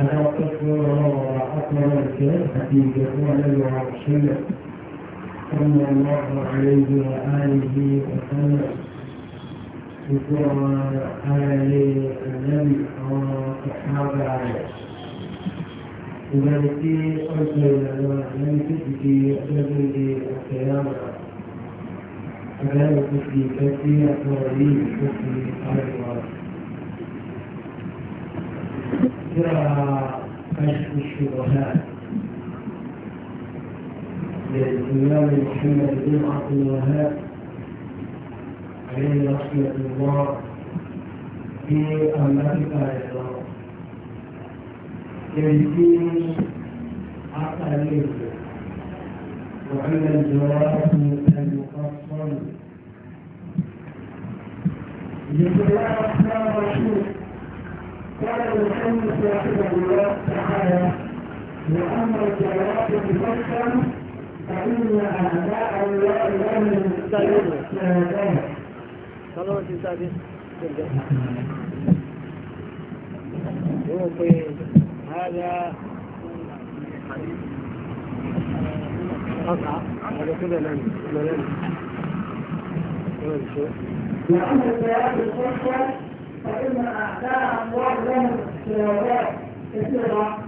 أنا وقفت وأكمل الكلام في جميع الوحشية صلى الله عليه وآله وسلم ذكر آل النبي وصحابة عليه لذلك قلت لنا لم تجد تجد القيامة كذلك في كثير أقوالي في أرض ترى كشف الشبهات للإمام محمد بن عبد الوهاب عليه رحمة الله في أمريكا أيضا تلتين عقلين وعلى الجواب المفصل بسم الله قال المحمد رحمه الله تعالى وأما الجواب بفصل فإن أعداء الله لم يستجبوا صلوا هذا هذا كله لن لن لن شو فإن أعداء الله لهم السيارات كثيرة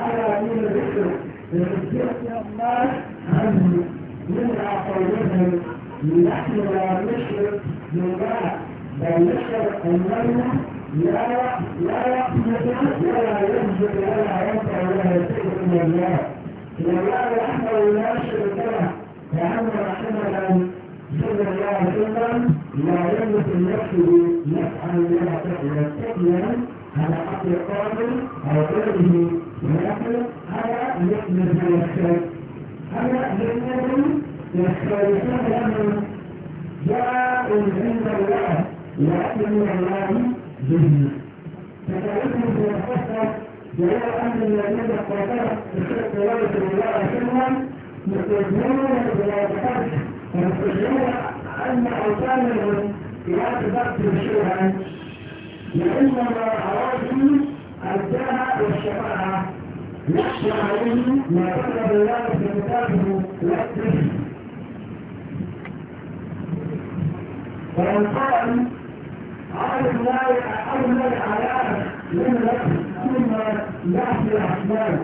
على دين الذكر لتذكر الناس عنه من قولهم نحن لا نشرك بالله بل نشرك أننا لا لا يحمد ولا يهزم ولا ينفع ولا يتيب من الله لله وحده لا شريك له لأن محمدا صلى الله عليه وسلم لا يملك لنفسه يفعل لها فعلا فعلا على حق القائل او غيره ولكن على مثل ما يختلف على مثل يختلفون لهم جاء عند الله وأمن الله به في يتفسر جلاء أمر الذين قتلوا بشرك الله صلى الله عليه وسلم في بلا تفرق ويقولون أن أوزانهم لا تبطل شيئا لأنما أراضي الداء والشفاعة يخشى عليه ما طلب الله في كتابه والدين فمن قال على الله أول العلاج من لكم ثم يحيي الأحلام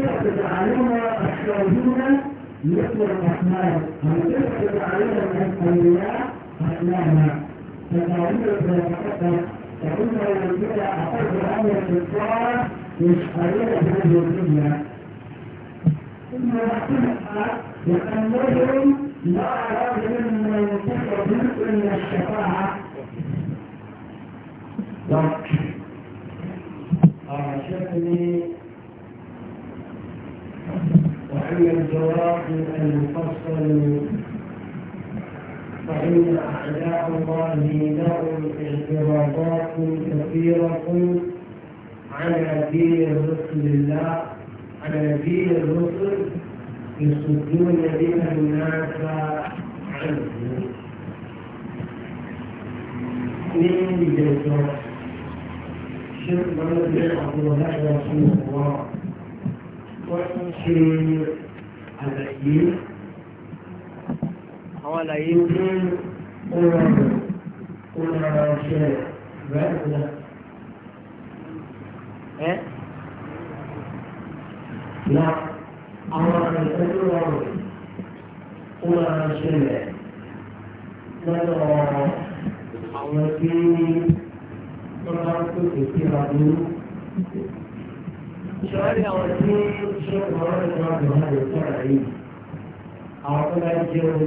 اعتد علينا الشاهدين مثل الرحمن هل تدخل علينا من الأولياء أحلاما فتعلمك وتحقق فإن الأولياء أقل أمر الكفار يشعرون بهذه ثم نحكمها لأنهم لا أراد مما ينتهي جزء من الشفاعة هي الجواب المفصل فإن أعداء الله لهم اعتراضات كثيرة على دين رسل الله على دين الرسل يصدون بها الناس عنه من جزر شيخ محمد الله رحمه الله àlàyé àwọn àlàyé tí ó rọrùn ó rọrùn ṣẹlẹ̀ bẹ́ẹ̀ náà. ẹ́ na àwọn àlàyé tó rọrùn ó rọrùn ṣẹlẹ̀ lọ́dọ̀ àwọn tí wọ́n bá ń pèsè ṣọ́rí àwọn tí ṣe ọ̀rọ̀ ìjọba ìjọba ìjọba yìí àwọn tó bá jẹ́ orí ń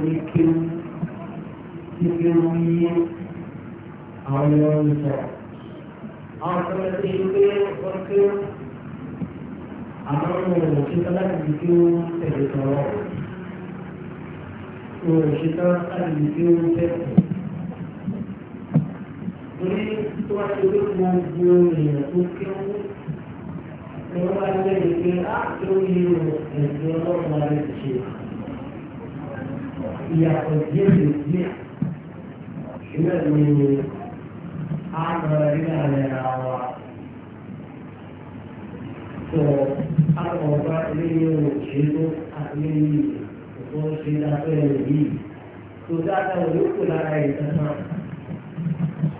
sọ. àwọn tó bá ṣe tán láti di kéwú tó wá ṣe pé ni wọ́n bá ń gbé ní pé á lórí ẹ̀sìn ọlọ́run máa lè ṣe ìyàtọ̀ díẹ̀ lè ìwé mi ni a lọ rí àárẹ̀ ara wa tó a lọ bá eléyìí ò ṣe tó àléyìí tó ṣe dáfẹ́ yìí tó dáadáa ò yóò kó lára ìtàn náà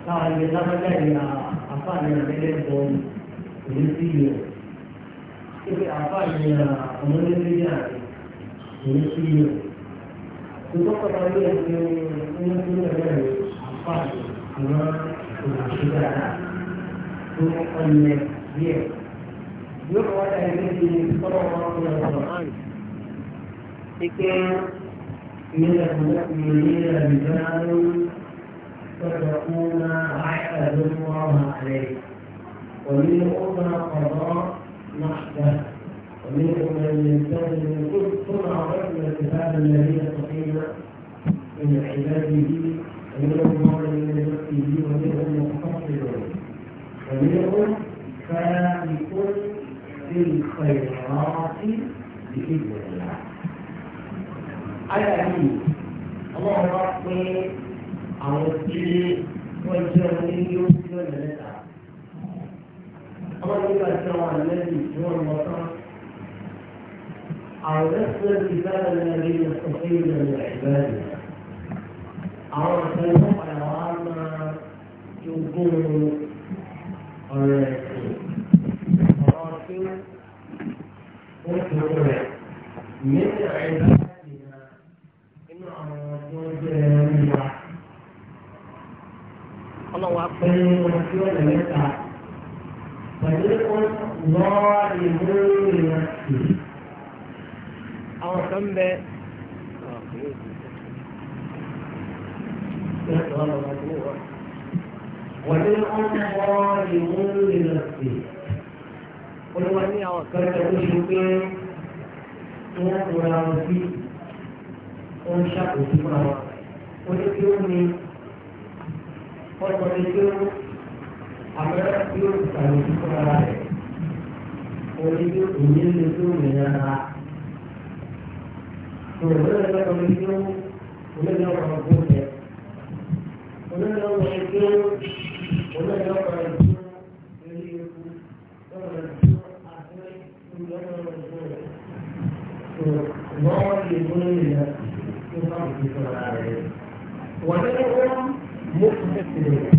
káwọn ilé lábájáde àfààní àbẹ́lẹ́ bọ́ọ̀lù kò ní sí ìyẹn. pé àbá ìyẹn ọmọlẹ́gbẹ́ yà rẹ̀ ní sí yẹ. Ìgbọ́ pàtàkì ló yẹ kí wọ́n ti ń rẹ̀ rẹ̀ àbá ìwọ́n òṣìṣẹ́ dáadáa tó ọ̀lẹ̀ díẹ̀. Yóò kọ́ wáyà ilé ti tọ́lọ̀ wọn kọ́ lọ sọ̀rọ̀ hàn. Ike ìyẹn ẹ̀kọ́ ìyẹn ẹ̀rìndínláàrú تدعون عائلة الله عليه ومن أمة قضاء نحته ومنهم من ينتهي من كل صنع رجل الكتاب الذي يستقيم من عباده ومنهم ظالم لنفسه ومنهم مقتصد ومنهم فائق في الخيرات بإذن الله على أمين الله ربي أعوذ به والجميل والمنى أمر إلى سوى الذي هو الوطن أو نفس الكتاب الذي يستطيع من عباده أو سيقوم على عامة يكون من عبادنا إنه أمر الله أكبر فريق ظالمون لنفسه àwọn kan bẹ wàlẹ́ ọ̀nà ọ̀rọ̀ ìwọ̀n lè sí olùwà ní àwọn kan tó ṣe pé wọ́n rọra wọn sí wọ́n ṣàkóso àwọn oníkíó ni ọ̀sán ní kí ó àmọ́ oh, yóò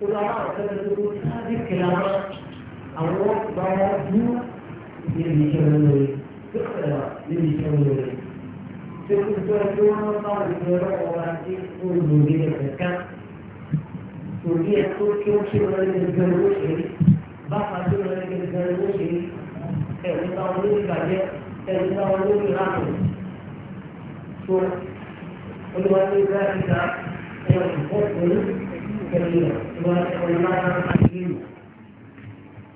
ulama tersebut hadir kelama Allah bawa dua kẹlẹ́lẹ̀ ìwà ọ̀nà àdéhùn.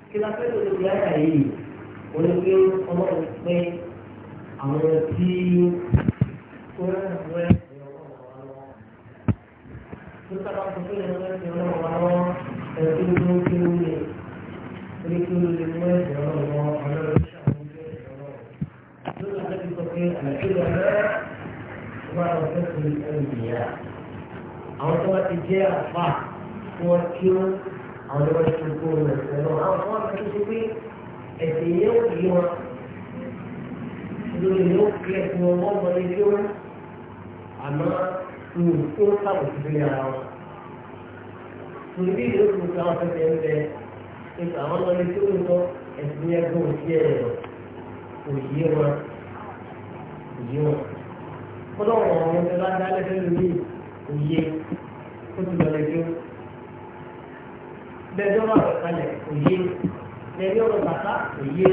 kí la fẹ́ lòdì sí àyà yìí wọ́n ní pé ọmọ rẹ̀ pé àwọn tí ó rẹ̀ wẹ́ tó sábà sọ pé ẹ̀rọ ẹ̀sìn ọlọ́wọ́ àwọn ẹ̀sìn tó ń kí ó lè ní kí ó lè mú ẹ̀sìn ọlọ́wọ́ ọlọ́wọ́ lórí àti sọ pé àlàyé lọ́wọ́ wà lọ́sẹ̀ sí ẹ̀yìn ìyá àwọn tó bá ti jẹ́ àfà tí wọ́n kí ó àwọn tó bá ti ṣe kó lọ ẹ̀sẹ̀ lọ àwọn tó wọ́n ti ṣe pé ẹ̀sẹ̀ yẹn ò yí wọn lórí yóò kí ẹ̀sìn wọn wọ́n mọ ilé wọn àmọ́ ìwò tó sábò sí ilé ara wọn. Torí bí ìlú kò sáwọn fẹ́ fẹ́ ń bẹ ètò àwọn ọmọ ilé tó ń ẹ̀sìn yẹn gbọ́n sí ẹ̀ lọ kò yí wọn kò yí wọn. Kọ́dọ̀ wọn ọ̀rọ̀ ọ̀rọ̀ ẹ̀ bá dá lórí òye ó ti lọ lẹ́jọ́ lẹ́jọ́ máa rẹ̀ kalẹ̀ òye lẹ́jọ́ ọ̀rọ̀ bàtà òye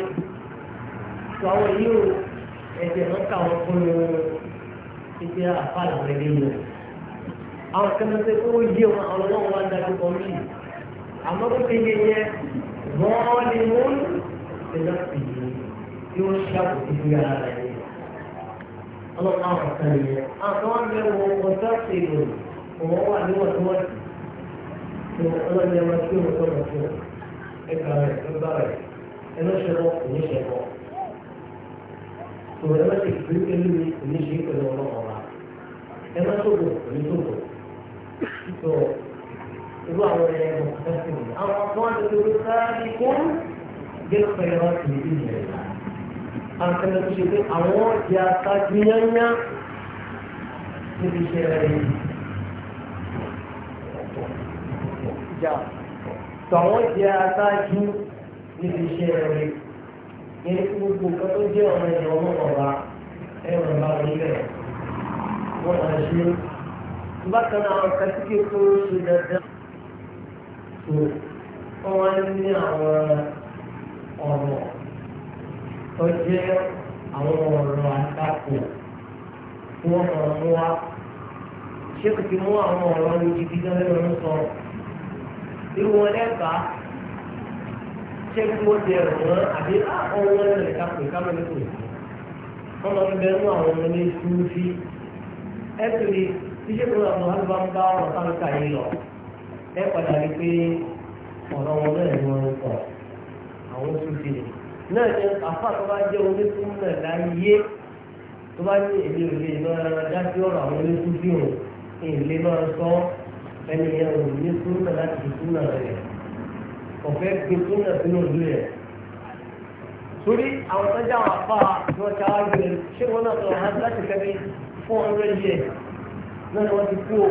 tó àwọn yìí ó ẹ̀jẹ̀ wọn kà wọ́n fún un títí àfàlà rẹ̀ nínú àwọn kẹ́mẹ́tẹ́ tó ó yé wọn àwọn ọlọ́wọ́ wa ń dájú kan mí àmọ́ tó ti yé yẹ wọ́n ni wọ́n ti lọ́ọ́ sí i yóò ṣàkóso ìgbéyàwó rẹ̀ ọlọ́run àwọn ọ̀sán nìyẹn àwọn mẹ́wọ̀ ọjọ́ ìlú òun wà níwọ̀ntúnwọ̀ntì tó ọlọ́run ẹ̀rọ tí òun tó lọ fún ẹgbà rẹ̀ lọ́gbà rẹ̀ ẹnu ṣẹlọ òní ṣẹlọ tó ẹ̀rọ ti fi ẹlú òní ṣe pẹ̀lú ọlọ́run wa ẹ̀rọ tóbò òní tóbò tó irú àwọn ẹ̀rọ ọ̀sán nìyẹn àwọn kan ló ló sáré kó gbé pẹ̀lú ọ̀sán ìdí ìyẹn àwọn kan tó ṣe pé àwọn ọ̀dẹ́ aṣáájú yányá níbi iṣẹ́ rẹ̀ yìí. ìjà tọ̀wọ́ jẹ́ aṣáájú níbi iṣẹ́ rẹ̀ orang kí gbogbo orang tó orang ọ̀rọ̀ ẹ̀yàn orang ọ̀la ẹ̀rọ ọ̀la onílẹ̀ wọ́n máa ṣe bákan náà àwọn kàtíkì tó tó jẹ́ àwọn ọ̀rọ̀ àtakò tí wọ́n mọ̀ ọ́n wá ṣé kò ti mú àwọn ọ̀rọ̀ ní ibi tó lẹ́nu ń sọ irú wọn lẹ́ka ṣé kí wọ́n ti ẹ̀rọ wọn àbí ọ̀hún wọn lẹ́nu ìta pè kámẹ́ ní kò sí wọ́n lọ bẹ mú àwọn ọmọ ní sùúrùfì ẹ̀sìnrì tí ṣé kò lọ àwọn àgbà ń bá ọ̀rọ̀ káńtà yìí lọ ẹ̀ padà rí pé ọ̀rọ̀ wọn lẹ́nu ń sọ àwọn sùúrùfì nìyí náà ni àfa tó bá jẹ́ onísùn náà láyé tó bá ní èmi ò lè lọ ẹran dá sí ọ̀rọ̀ àwọn onísùn bí òun èmi lè lọ sọ ẹni yẹn ò ní sùn náà láti fi sùn náà rẹ̀ ọ̀fẹ́ gbé sùn náà sínú ìlú rẹ̀ torí àwọn sọ́jà wà fà ní wọ́n ti àwọn àgbẹ̀ ṣé wọ́n náà sọ̀rọ̀ hàn láti fẹ́ bí four hundred years náà ni wọ́n ti kú o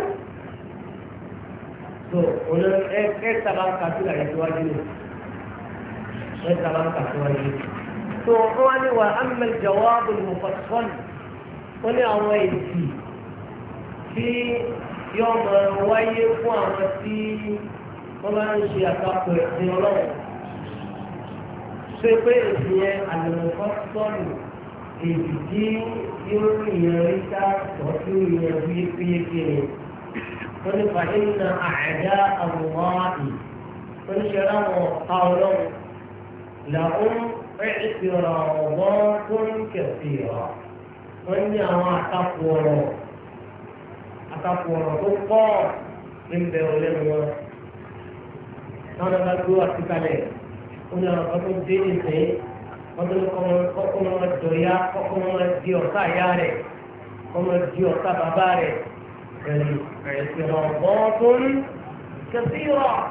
so òun ẹ ẹ sábà ń kà sí àyè tó wájú ẹ̀ka máa ń kàkọ́ yìí. tó wọ́n wá ní wà ámẹ́lì jọ̀wọ́bù ní mufasson wọ́n ní àwọn èsì tí yóò máa wáyé fún àwọn tí wọ́n bá ń ṣe àtakò ẹ̀sìn ọlọ́run. ṣé pé èsì yẹn àlùmọ̀fọ́sọ́n èsì tí yóò yẹn rí ká tọ́jú yẹn wíyékéyéké ni. wọ́n ní fàyínà àdá àwòrán àì wọ́n ní ṣe láwọn ọ̀tá ọlọ́run. لهم اعتراضات كثيرة وإني أنا أتقور أتقور تقى من بيولين أنا بقول أتكلم أنا بقول ديني. سي بقول كم كم الدنيا كم الديوكا ياري كم الديوكا باباري يعني اعتراضات كثيرة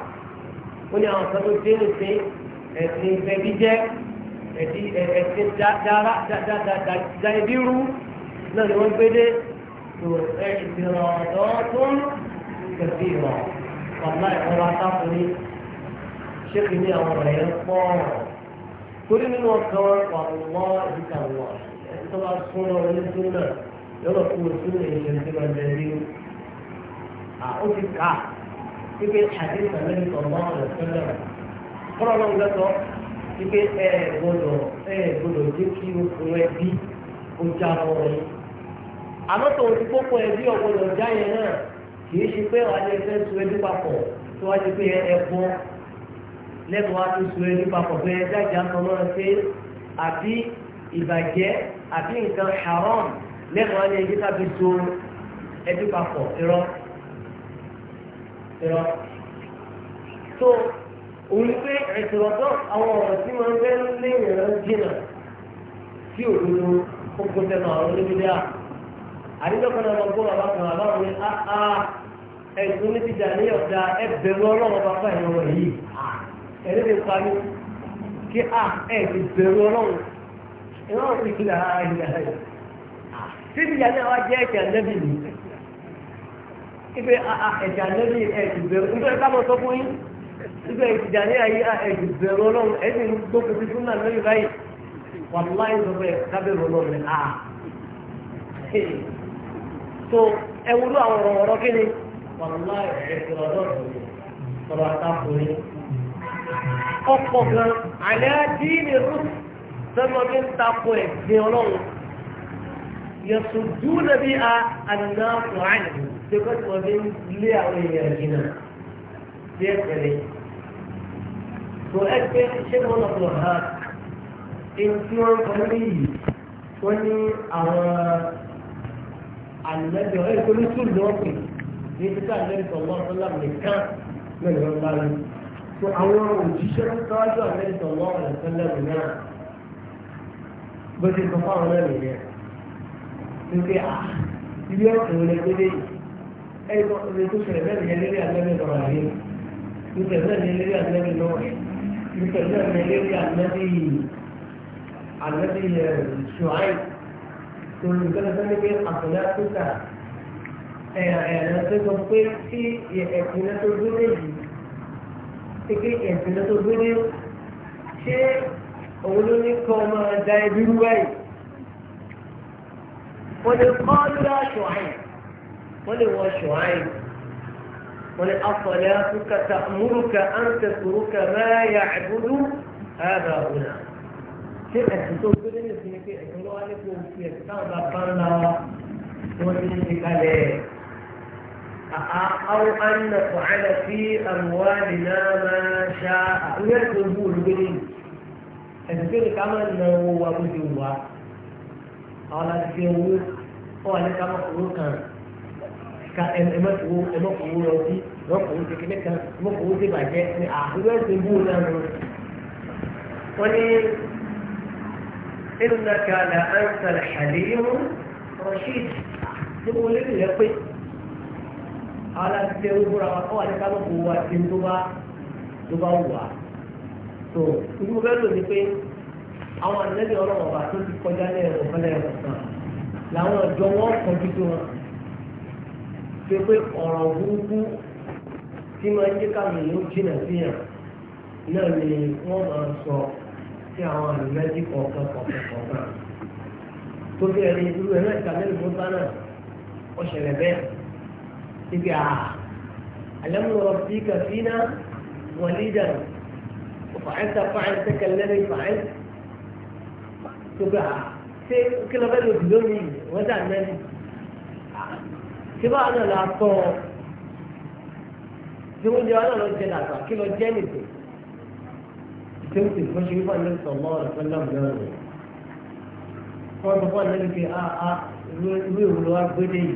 أنا أقول ديني. سي ẹ̀sìn ìfẹ́bíjẹ́ ẹ̀sìn dáadáa ẹbí rú náà ni wọ́n gbé dé ìrànlọ́ tó ń kẹ̀sí ìrọ̀ ọ̀la ìrọ̀ atákùnrin ṣé kìíní àwọn ọ̀rẹ́ ń pọ̀ torí nínú ọkàn wà lọ́ ìdíkà wọ̀ ẹ̀sìn tó bá sún lọ ní súnà yọ̀rọ̀ fún òṣù èèyàn tí wọ́n jẹ bí ó ti kà á pípé àdéhùn àlẹ́ ìtọ̀gbọ́n rẹ̀ kọ́nà ọlọ́run lọ́tọ́ wípé ẹ gbọ́dọ̀ ẹ gbọ́dọ̀ jẹ́ kí okùn ẹbí ó já ọ̀rọ̀ yìí. àmọ́ tòun ti kókó ẹbí ọ̀gbọ́dọ̀ já yẹn náà kì í ṣe pé wàá lè fẹ́ so ẹbí papọ̀ tó wá ṣe pé ẹ bọ́ lẹ́nu wá tó so ẹbí papọ̀ pé ẹ jájà kan náà ṣe àbí ìbàjẹ́ àbí nǹkan haram lẹ́nu wá ní ẹbí tàbí so ẹbí papọ̀ irọ́ irọ́ tó òun ni pé ẹ̀sìnrọ̀dọ́ àwọn ọ̀rọ̀ tí wọ́n fẹ́ lé ìrìn jìnnà tí òdodo ó kó tẹnu àwọn oníbílẹ̀ à. àdídọ́kan náà lọ́gbọ́n bàbá kan àbáwọn ní áá ẹ̀sùn ní ti dàní ọ̀dà ẹ̀bẹ̀rù ọlọ́run bàbá ìran rẹ̀ yìí. ẹ̀rí ti pa ní kí á ẹ̀ ti bẹ̀rù ọlọ́run ìran ti kí lára ìyá rẹ̀. títí dàní àwa jẹ́ ẹ̀kẹ́ ànẹ́bì yìí. ibi ẹ̀kẹ́ ànẹ́bì ẹ̀ ti síbẹ̀ ìtìjà ní ayé ẹ̀dùnbẹ̀rù ọlọ́run ẹ̀dùn ń gbókè sí súnà lórí báyìí wà láì sọ kábẹ̀rù ọlọ́run ni a. so ẹ wúlò àwọn ọ̀rọ̀ ọ̀rọ̀ kí ni wà láì ẹ̀dùn ọlọ́run ni ọ̀rọ̀ àtàkùnrin. ọ̀pọ̀ gan àlẹ́ díìnì rúùs sẹ́mọ́ bí ń takò ẹ̀dùn ọlọ́run yẹ̀sùn dúró bí a àná kùránì ṣe kọ́ tó ẹ pé ṣé wọn lọ sọ̀rọ̀ ha ẹni tí wọ́n ń kọ́ lórí yìí wọ́n ní àwọn àlùmẹ́bí ọ̀rẹ́ ìkọlù túlù ni wọ́n pè ní títà lẹ́yìn tọ̀wọ́ ọ̀tọ́lá nìkan lẹ́yìn wọn bá rí tó àwọn òjíṣẹ́ tó tọ́jú àlẹ́yìn tọ̀wọ́ ọ̀tọ́lá nìkan bó ti sọ fáwọn náà nìyẹn nígbè à ilé ọ̀sẹ̀ wọlé gbélé ẹ̀rọ ìrètò sẹ̀rẹ̀ mẹ́rin yẹn àlẹ́yìn tọ̀wọ́ àlẹ́yìn tó sẹ̀rẹ̀ mẹ́rin yẹn lérí àlẹ́yìn يكلمنا ليه عن النبي عن النبي شعيب كل كده ثاني بين حصلات تسعة انا تقول في اعتناء الجنيه تكي اعتناء الجنيه شيء قولوا لي كما داي بيروي ولقالوا لا شعيب ولو شعيب ولأصلاتك تأمرك أن تترك ما يعبد هذا هنا أو أن نفعل في أموالنا ما شاء ويكون هو البرين أذكر كما أنه وابد الله قال أذكر هو كما أقول ka ẹmọkùnrin ẹmọkùnrin lọ sí ẹmọkùnrin ti kíní kan ẹmọkùnrin ti bàjẹ́ ní àkúrẹ́ ti bú un náà lọ. wọ́n ní innaka la anta al-halim rashid ní mo lè lè pé aláàbíṣẹ́ ń búra wa káwá ní kámọ́kù wa ti ń tó bá tó bá wù wá. tó ìdí mo fẹ́ lò ní pé àwọn àlejò ọlọ́wọ́ bá tó ti kọjá lẹ́yìn ọ̀kan lẹ́yìn ọ̀kan làwọn ọ̀dọ́ wọn kọjú tó wọn pé pé ọ̀rọ̀ burúkú tí máa ń jẹ́ káwọn èèyàn jìnà síyàn náà ni wọ́n máa sọ sí àwọn àlùmẹ́jì kọ̀ọ̀kan kọ̀ọ̀kan kọ̀ọ̀kan tó bí ẹni irú ẹ̀rọ ìtàlẹ́lù tó bá ó ṣẹlẹ̀ bẹ́ẹ̀ ibi àà alẹ́mùrọ̀ sí kàfínà wọ̀lídà fàáìsà fàáìsà kẹlẹ́rì fàáìsà tó bá ṣé kí lọ́bẹ̀ lòdì lónìí wọ́n dà náà tí bá àná là tọ̀ ọ́ tí wọ́n jẹ́ wọn náà lọ jẹ́ làgbà kí lọ jẹ́ nìkan tí ó sì fún ṣe wípé àná sọ̀ mọ́ ọ̀rọ̀ fẹ́ náà lọ́rùn rẹ̀ wọ́n sọ fún àná wípé a ah, a ah, ìwé ìwúlò wa gbé dé yìí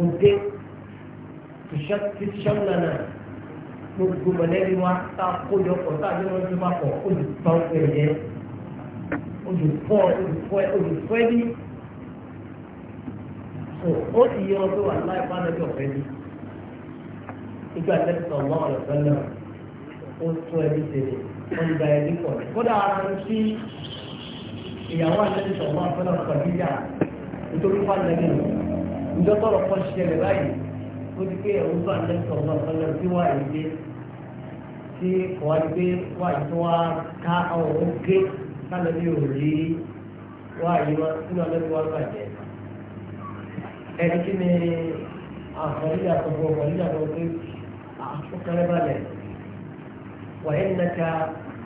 òde tìṣọ́nlánà gbogbo mọ̀lẹ́bí wa tá a kó yọ pọ̀ tá a yọ lọ sí wa pọ̀ olùkọ́ ẹ̀yẹ olùkọ́ olùkọ́ olùkọ́ ẹ̀yẹ ó sì yẹ wọn pé láì fáwọn ẹgbẹ́ ọ̀fẹ́ ni ìgbà tẹ́tọ̀ mọ́ ọ̀rọ̀ fẹ́lẹ̀ ó tún ẹbí tẹ̀lé wọ́n gba ẹbí pọ̀ kódà ara ń sí ìyàwó àtẹ́tọ̀ mọ́ ọ̀fẹ́lẹ̀ kọ̀díjà nítorí fáwọn ẹgbẹ́ nù ìjọ́tọ̀rọ̀ kan ṣẹlẹ̀ báyìí ó ti pé ẹ̀rú bá tẹ́tọ̀ mọ́ ọ̀fẹ́lẹ̀ tí wà èdè tí kò wá gbé wà tó wá ká àwọn gé kálẹ̀ ní òòrí wà yìí wọn ẹni a ni àǹfààní àtọ̀bọ̀ àǹfààní àtọ̀bọ̀ pé àfọkànlẹ̀ balẹ̀ wàyẹ̀ nàka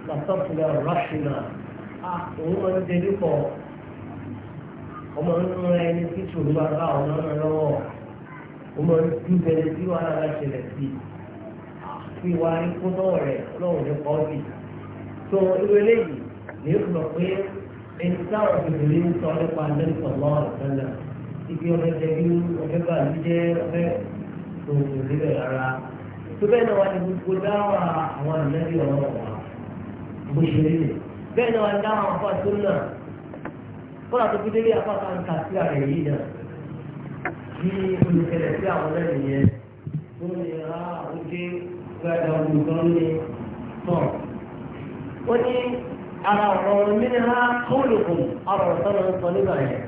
làtọ̀fùlẹ̀ rọ́ṣìnà òun máa ń dẹbí pọ̀ ọmọ nínú ẹni tí tòun bá bá ọmọ náà lọ́wọ́ ó i fi wá ní kó lọ́wọ́ rẹ̀ lọ́wọ́ dị, pọ́ọ̀lì tó irú eléyìí lè na pé ẹni táwọn òbí ń sọ ibi ọbẹ̀ jẹbi ọbẹ̀ bá mi jẹ́ ọbẹ̀ tó kò débẹ̀ rárá tó bẹ́ẹ̀ náà wà ní gbogbo dáwà àwọn ànábì ọ̀rọ̀ wà bó ṣe rí rẹ̀ bẹ́ẹ̀ náà wà ní dáwà àfa tó nà kọ́lá tó fi délé àfa kan kà sí àrẹ̀ yìí nà bí olùkẹlẹ̀ sí àwọn náà nìyẹn tó lè ra ojú gbàdá olùkọ́ ní tọ̀ ah, wọ́n ní ara ọ̀rọ̀ mi ní ha kọ́ olùkọ́ ara ọ̀sán ló ń sọ nígbà yẹn.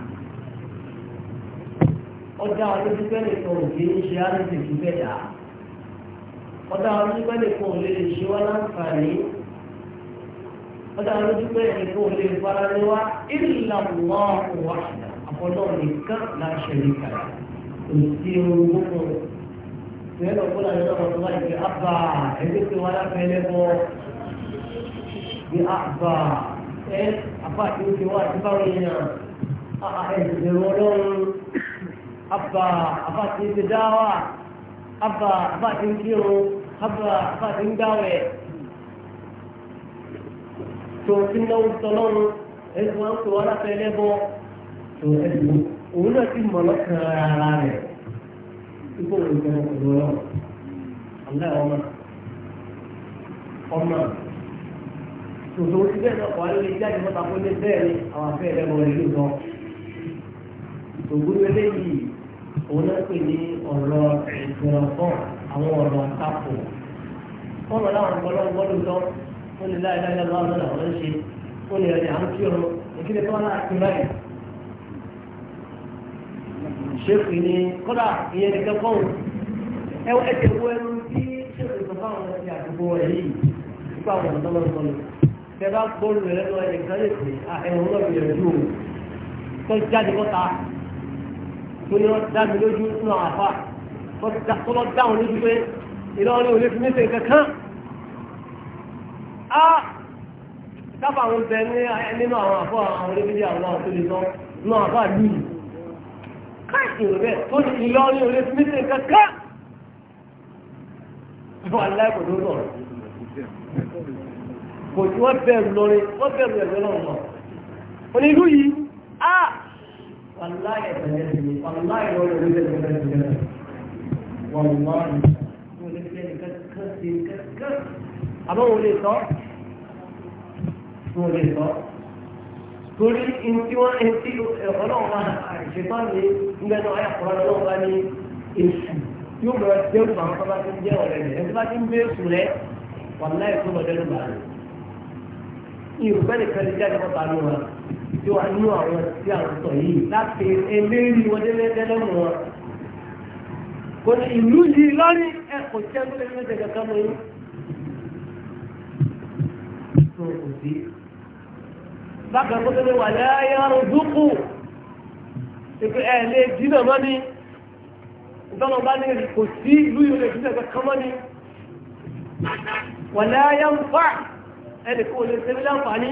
ọjà olójú pẹ́lẹ̀ kan ò lè ṣe àrẹ́sì tó bẹ̀ dà ọjà olójú pẹ́lẹ̀ kan ò lè ṣe wá láǹfààní ọjà olójú pẹ́lẹ̀ kan ò lè fara ní wá ìlànà ọ̀wá àpọ̀lọ́ nìkan láṣẹ nìkan kò sí ohun gbogbo bẹ́ẹ̀ lọ fún àyẹ̀wò ọmọ tó wáyé pé àbá ẹgbẹ́ tí wọn láfẹ́ lẹ́bọ̀ bí àbá ẹ àbá tí ti wá àti báwọn èèyàn àà ẹ̀sìn abba àbá ti ń ṣe dáwà abba àbá ti ń kírun abba àbá ti ń dáwẹ̀ tó ti náwó tọ́lọ́run ẹ̀sùn wọn tó wọ́n láti ẹlẹ́bọ tó ẹ̀sùn òun náà ti mọ̀ lọ́kàn ara rẹ̀ ipò òun kan pẹ̀lú ọ̀rọ̀ ọ̀la ọmọ ọmọ tòtò ó ti bẹ́ẹ̀ náà kọ́ alẹ́ jáde mọ́ta kó lé bẹ́ẹ̀ ni àwọn afẹ́ ẹlẹ́bọ rẹ̀ ló sọ ògbóló eléyìí òun ní ọ̀rọ̀ ìgbìmọ̀pọ̀ àwọn ọ̀rọ̀ àtakò wọn láwọn ọ̀pọ̀lọpọ̀ lóòótọ́ ó lè láì láì lọ́wọ́ àwọn àwọn ṣe ó lè rẹ̀ à ń kí ìkíni tó wà láti báyìí. ṣéèkì ni kódà ìyẹn nìkan kọ́ òun ẹ wọ ẹsẹ̀ wo ẹnu bí ṣéèkì tó fáwọn ọ̀rọ̀ ti àdúgbò rẹ̀ yìí nípa àwọn ọ̀rọ̀ tẹ bá gbóòlù rẹ̀ lọ́wọ́ ẹ̀ka mo wọn dá mi lójú nínú àwọn àfa wọn dá wọn lójú pé ìlọrin ò lè fi mí kankan á sábà ń bẹ nínú àwọn àfọ àwọn oníbíyà àwọn tó lè lọ nínú àfa lù yìí káàkiri rẹ tó ní ìlọrin ò lè fi mí kankan fún aláìkò tó lọ kò tí wọ́n bẹ̀rù lọrin wọ́n bẹ̀rù ẹ̀rọ náà lọ onílù yìí á wallahi ẹ̀sẹ̀ ẹ̀sẹ̀ wallahi lọ́rọ̀ ló lè lọ́rọ̀ ẹ̀sẹ̀ rẹ̀ wọ́n mọ́ àmọ́ òun lè sọ òun lè sọ torí ntí wọn ntí ọlọ́run wa ṣètò àmì ńgbẹ́nu ayàkùnrin ọlọ́run wa ní èṣù yóò bẹ̀rẹ̀ dẹ́rù bá wọn bá ti ń jẹ́ ọ̀rẹ́ rẹ̀ ẹ̀sìn bá ti ń bẹ́ èṣù rẹ̀ wàláyé tó lọ dẹ́rù bá rẹ̀ ìrùbẹ́ nìkan lè jáde wọn bá lóra tí wàá nú àwọn tí à ń sọ yìí láti eléyìí wọn délé délẹ́mù wọn. kò ní ìlú yìí lọ́rí ẹ kò jẹ́ kó lè ní ọjà kankan mọ́ yín. tó o sí. bákan kó tó lè wà láyé ọrùn dúkù. ètò ẹ̀ lè dínà mọ́ ni. ìtọ́nà bá ní kò sí ìlú yìí lè dínà kankan mọ́ ni. wà láyé ń fà ẹnì kò lè ṣe láǹfààní.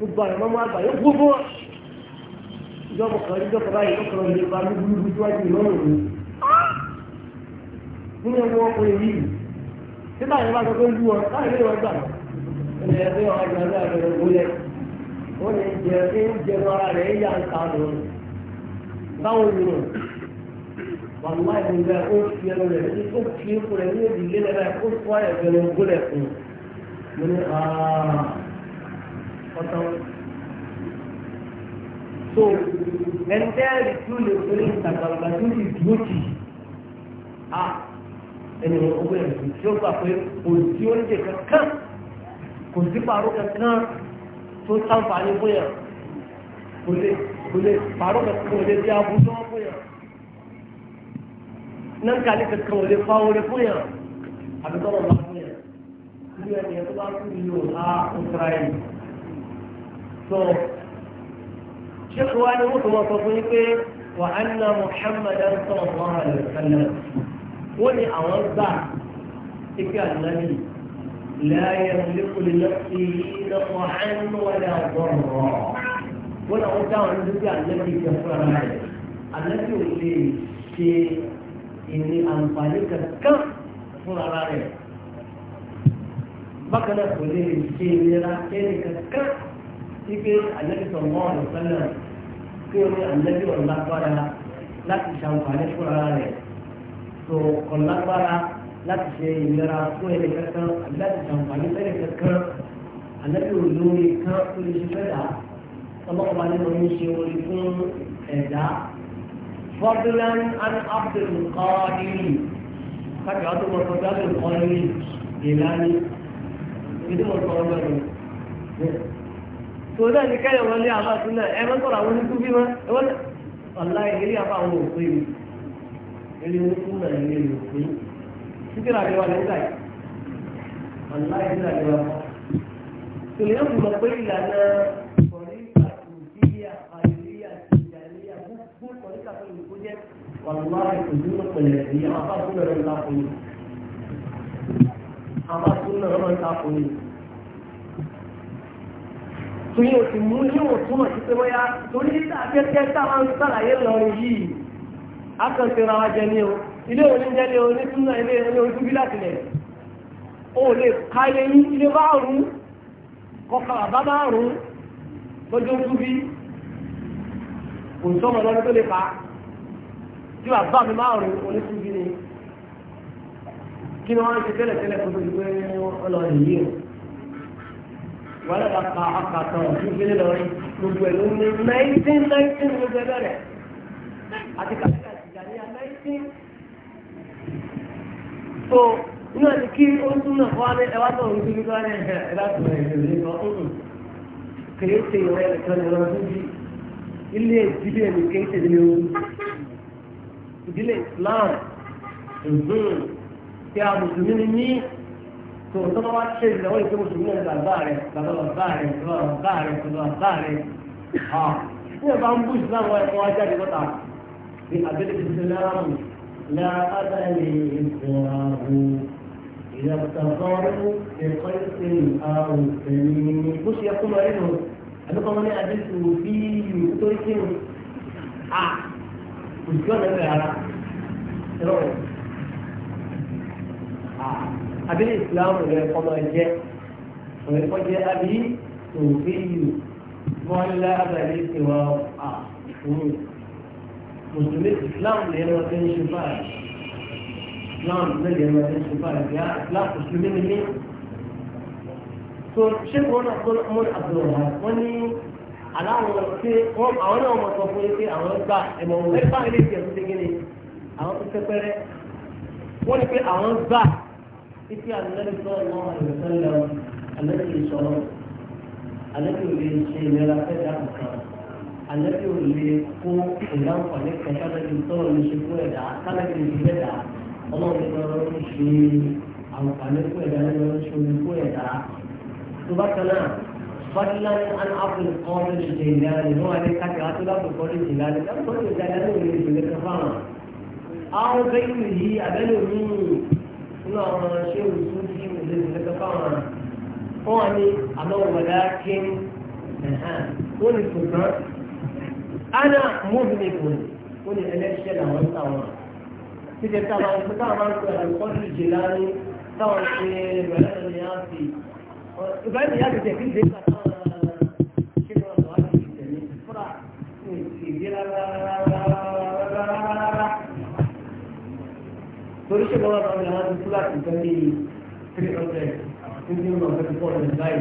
gbogbo àwọn ọmọ àgbà yóò gbogbo wọn ìjọba kan ìjọba báyìí lọ́kọ̀ọ́ ilé ba ní búrú búrú wájú ìlọ́rùn mi. nínú ẹ̀wọ̀n ọkùnrin yìí tí báyìí bá sọ pé ń bú wọn káyọ̀ lè wọ́n gbà ẹ̀ ẹ̀ ẹ̀ ọ̀hún àgbà rẹ̀ wọlé wọ́n lè jẹ lọ. báwo ní ó fi ẹnu rẹ̀ ní ìdílé rẹ̀ ó fọ́ ẹ̀fẹ̀ lọ gbọ́lẹ̀ fún un ọ̀tán. so ẹni tẹ́ẹ̀rì tí ó lè fún ní ìtàgbàgbà tó ti dúró tì á ẹni owó ẹ̀ tí ó gbà pé kò sí oúnjẹ kankan kò sí pàrọ̀ kankan tó sáǹfààní fún yàn kò lè kò lè pàrọ̀ kankan kò lè di abúlé wọn fún yàn kankan ò lè fa oore fún àbí tọ́lọ̀ bá fún yàn. ẹni ẹ̀ tó bá kú yìí ó ha ó tẹ́ra ẹ̀. شيخ وانا مثل تصنيفي وان محمدا صلى الله عليه وسلم ولي اوضع اكي الذي لا يملك لنفسه نفعا ولا ضرا ولا اوضع عن ذكي الذي كفر عليه الذي يقول لي شيء اني انفعلك كم كفر عليه بكنا كلين شيء يرى كيف كفر wípé àlẹ́bí sọ̀mọ́ ọ̀nà sẹ́lẹ̀ kí o ní àlẹ́bí ọ̀lágbára láti ṣàǹfààní fún ara rẹ̀ tó ọ̀lágbára láti ṣe ìlera fún ẹni kankan àbí láti ṣàǹfààní fẹ́rẹ̀ kankan àlẹ́bí olóore kan tó lè ṣe fẹ́dà ọlọ́kọ̀ọ́ba nínú ń ṣe orí fún ẹ̀dá fọ́dúnlán án abdulkadiri káàkiri àwọn tó mọ̀ fọ́dún abdulkadiri dèlání ìdí mọ̀ sọ̀rọ̀ tòótọ́ ni kẹ́yọ̀ wọn lé àbá tún náà ẹ mọ́tò àwọn oníkú bí wọn ẹ wọ́n ọ̀la ìrírí àbá àwọn òfin mi eré oníkú náà ní èrè òfin síkírà àdéhùn àdéhùn àyè ọ̀la ìrírí àdéhùn àbá tòlè yóò fún ọ pé ìlànà kọ̀ríkà tòkíyà àìríyà tìjàníyà gbogbo kọ̀ríkà tó lè kó jẹ́ wàlúwà ìtòjúmọ̀ pẹ̀lẹ̀ ìyá àbá tún náà ń fún mi àbá tún náà ń fún mi tó yóò ti mú yóò túmọ̀ sí pé bóyá torí akẹ́kẹ́ táwọn sàlàyé lọrin yìí akọ̀sẹ̀ra wa jẹ ní o ilé oníjẹ ní onítúnà ilé oníojú bí láti lẹ̀ o lè ka ilé yín ilé márùn kọkàlà bá márùn lọ́jọ́ ojú bí kò sọmọ lọ́dún tó lè pa tí wàá bá mi márùn onítúnà bí ni kí ni wọ́n ń ṣe tẹ́lẹ̀ tẹ́lẹ̀ tó tó di pé ọlọ́rin yìí o. wọ́n lọ́wọ́ pa ọkàtọ̀ ìgbélé lọ́rí gbogbo gbogbo ẹ̀ bẹ̀rẹ̀ àti kàkà ìjànìyà nineteen. so inú ẹ̀ ní kí na tún náà wá ní ẹwà tó o Islam a tó tọ́lọ́ wá ṣe ìlẹ̀ wọ́n yìí tó mùsùlùmí náà bàbá rẹ̀ bàbá bàbá rẹ̀ bàbá rẹ̀ bàbá rẹ̀ ní ọba ń bú ìsìlámù ẹ̀kọ́ ajá ní kọ́ta ní abẹ́lẹ́ ti ṣe láàmù láàbàlẹ̀ ìfọ̀ràwò ìyàtọ̀tọ̀rọ̀ ẹ̀kọ́ ìsìn àrùn tẹ̀lé bó ṣe kú lọ nínú àbíkọ́ wọn ní adé tó bí yìí tó ń kírun à òṣìṣẹ́ ọ̀nà ẹ̀rọ abílẹ̀ ìsìláàmù rẹ̀ kọ́mọ jẹ́ rẹ̀ kọ́ jẹ́ abí tòfíìlù wọn lé abẹ́lẹ̀ ìwà àfúnù mùsùlùmí ìsìláàmù rẹ̀ wọ́n ti ń ṣe báyìí ìsìláàmù rẹ̀ wọ́n ti ń ṣe báyìí bí i ìsìláàmù mùsùlùmí ni mí. tó ṣé wọn náà kọ́ mọ́ àbúrò wa wọ́n ní aláwọ̀ ṣe wọ́n àwọn náà wọ́n sọ fún yín pé àwọn gbà ẹ̀mọ̀ wọn fẹ́ẹ́ bá ilé ìjẹ̀bú ṣe kí ni àwọn tó fẹ́ pẹ́rẹ́ wọ́n ní pé àwọn gbà títí àlẹ́lẹ́ tó ọmọ àlùfẹ́lẹ́ àlẹ́lẹ́ ìṣòro àlẹ́lẹ́ ò lè ṣe ìlera fẹ́ẹ́dá nǹkan àlẹ́lẹ́ ò lè kó ìlànfààní kan kálẹ́lẹ́ tó ò lè ṣe fún ẹ̀dá kálẹ́lẹ́ ò lè fẹ́ẹ́dá ọlọ́run ló lọ́ọ́ ń ṣe àǹfààní fún ẹ̀dá ló lọ́ọ́ ń ṣe omi fún ẹ̀dá tó bá kan náà fadlan ní kájà tó lè ṣe lẹ́kọ̀ọ́ fáwọn. àwọn bẹ́ẹ̀ nínú àwọn ṣéwù tó ń bí ìwé ìwé kẹkẹ fáwọn wọn wà ní àlọ́ wọ̀dà kí n wọ́n ní ṣùgbọ́n ana mọ́bìlì ìbòlì wọ́n ní ẹlẹ́ṣẹ́ làwọn táwọn títẹ̀ táwọn ọ̀sẹ̀ táwọn máa ń pè é kọ́ńtù táwọn ṣe ìbẹ̀rẹ̀ ní àfi ìbẹ̀rẹ̀ ní àfi tẹ̀ kí n dé ká táwọn ṣe lọ́wọ́ àti ìtẹ̀lé fúra ní ìgbéra torí ṣe lọ́wọ́ àwọn ìlànà ti fúláàtì nǹkan bí i three hundred twenty one twenty four twenty five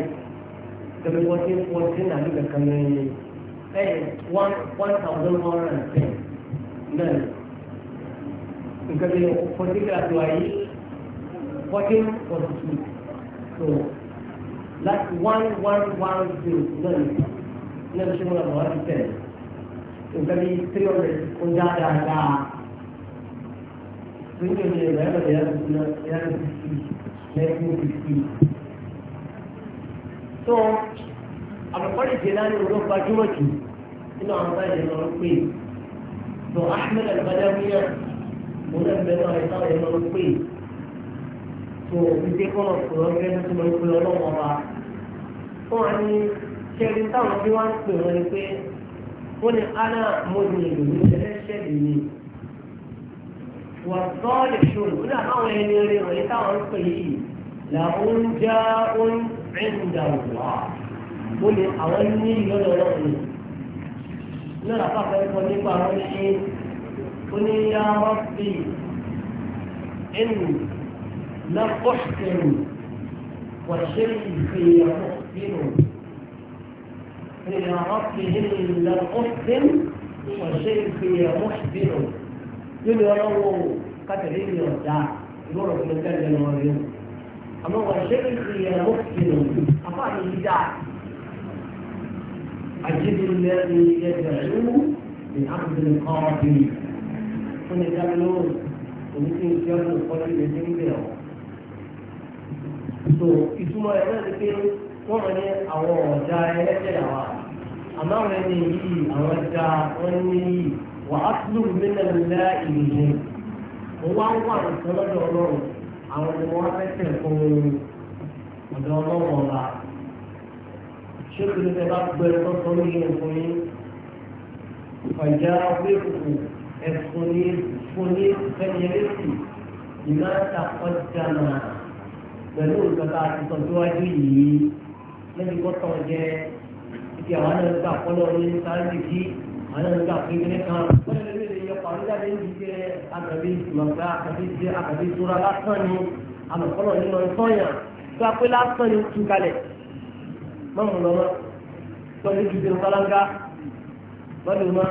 twenty fourteen fourteen àbí kankan ní ẹ̀yìn one one thousand one hundred and ten náà nǹkan bí i fourteen kíláàsì wáyé fourteen forty two so láti one one one zero náà náà ṣe lọ́wọ́ àwọn ìlànà ti tẹ̀ nǹkan bí three hundred ó dáadáa nígbà tí ẹ̀rọ ẹ̀rọ ẹ̀yà tuntun ẹ̀yà tuntun lẹ́kùn tuntun. tó àbùkọ́lì jìlánì ló gbajúmọ̀ jù nínú àwọn báyìí lọ pé tó Ahmed al-Badawi náà mo náà bẹ̀rẹ̀ náà ẹ̀ka ẹ̀ lọ pé tó ìdí kọ́nà kúrọ̀ gẹ́gẹ́ tó lọ́ọ́ pé ọlọ́wọ́ wa. wọ́n á ní kẹrin táwọn bí wọ́n ń pè wọ́n ni pé wọ́n ní ana mo ní ìlú ní ẹlẹ́ṣẹ́ والصالحون هنا ما ينيري ويتا ويطيئي لهم جاء عند الله قل أولي يلوني نرى فقط يقولي فهمشي قل يا ربي إن لم أحسن وشركي أحسن يا ربي إن لم أحسن وشركي محسن lórí ọlọ́wọ́ o kátàlẹ́ ìlú ọ̀dà ìgbọ́rọ̀ tó ń tẹ̀lé lọ rí o àmọ́ wọ́n ṣe é fi ẹ̀rọ mọ́kìlì àpá mi yí dáa àjẹbílẹ̀ ní ẹgbẹ̀ lówó ní àbùdílẹ̀ kọ́ọ̀bì fún ní dámilóhùn òní tí ń fi ọdún ìkọ́lé ilé tí ń bẹ̀ ọ́. so ìtumọ̀ ẹ̀rọ ti pé wọ́n rẹ̀ ní àwọn ọ̀dà ẹlẹ́tẹ̀lẹ̀ wa àmọ́ àwọn ẹni yìí àwọn ẹja wọ́n ní yìí wà á tún nílẹ̀ nílẹ̀ ìlú wọn wá wà nǹkan lọ́dọ̀ ọlọ́run àwọn ni wọ́n fẹ́sẹ̀ fún ọ̀dọ̀ ọlọ́run ọ̀la ṣé kí ló fẹ́ bá gbé ẹ̀kọ́ tó ní ìyẹn fún yín ọ̀jà wíwù ẹ̀fún ní fún ní fẹ́ni ẹlẹ́sì ìmọ̀ àtàkọ́jà náà pẹ̀lú nǹkan tá a yìí lẹ́yìn kọ́tọ̀ jẹ́ ibi àwọn náà gbà kọ́lọ́ ní sáà àwọn ẹgbẹ́ àpékeré kan wọ́n lè lè yọ pàrọ̀ jáde ní ìgbé àgbẹ̀bí mọ̀gbá àgbẹ̀bí jẹ́ àgbẹ̀bí tura lásán ni àmọ̀kọ́lọ̀ nínú sọ́yàn tó a pé lásán ni tú kalẹ̀ mọ́mù lọ́mọ́ pẹ̀lú ìdíje ńkálángá pẹ̀lú mọ́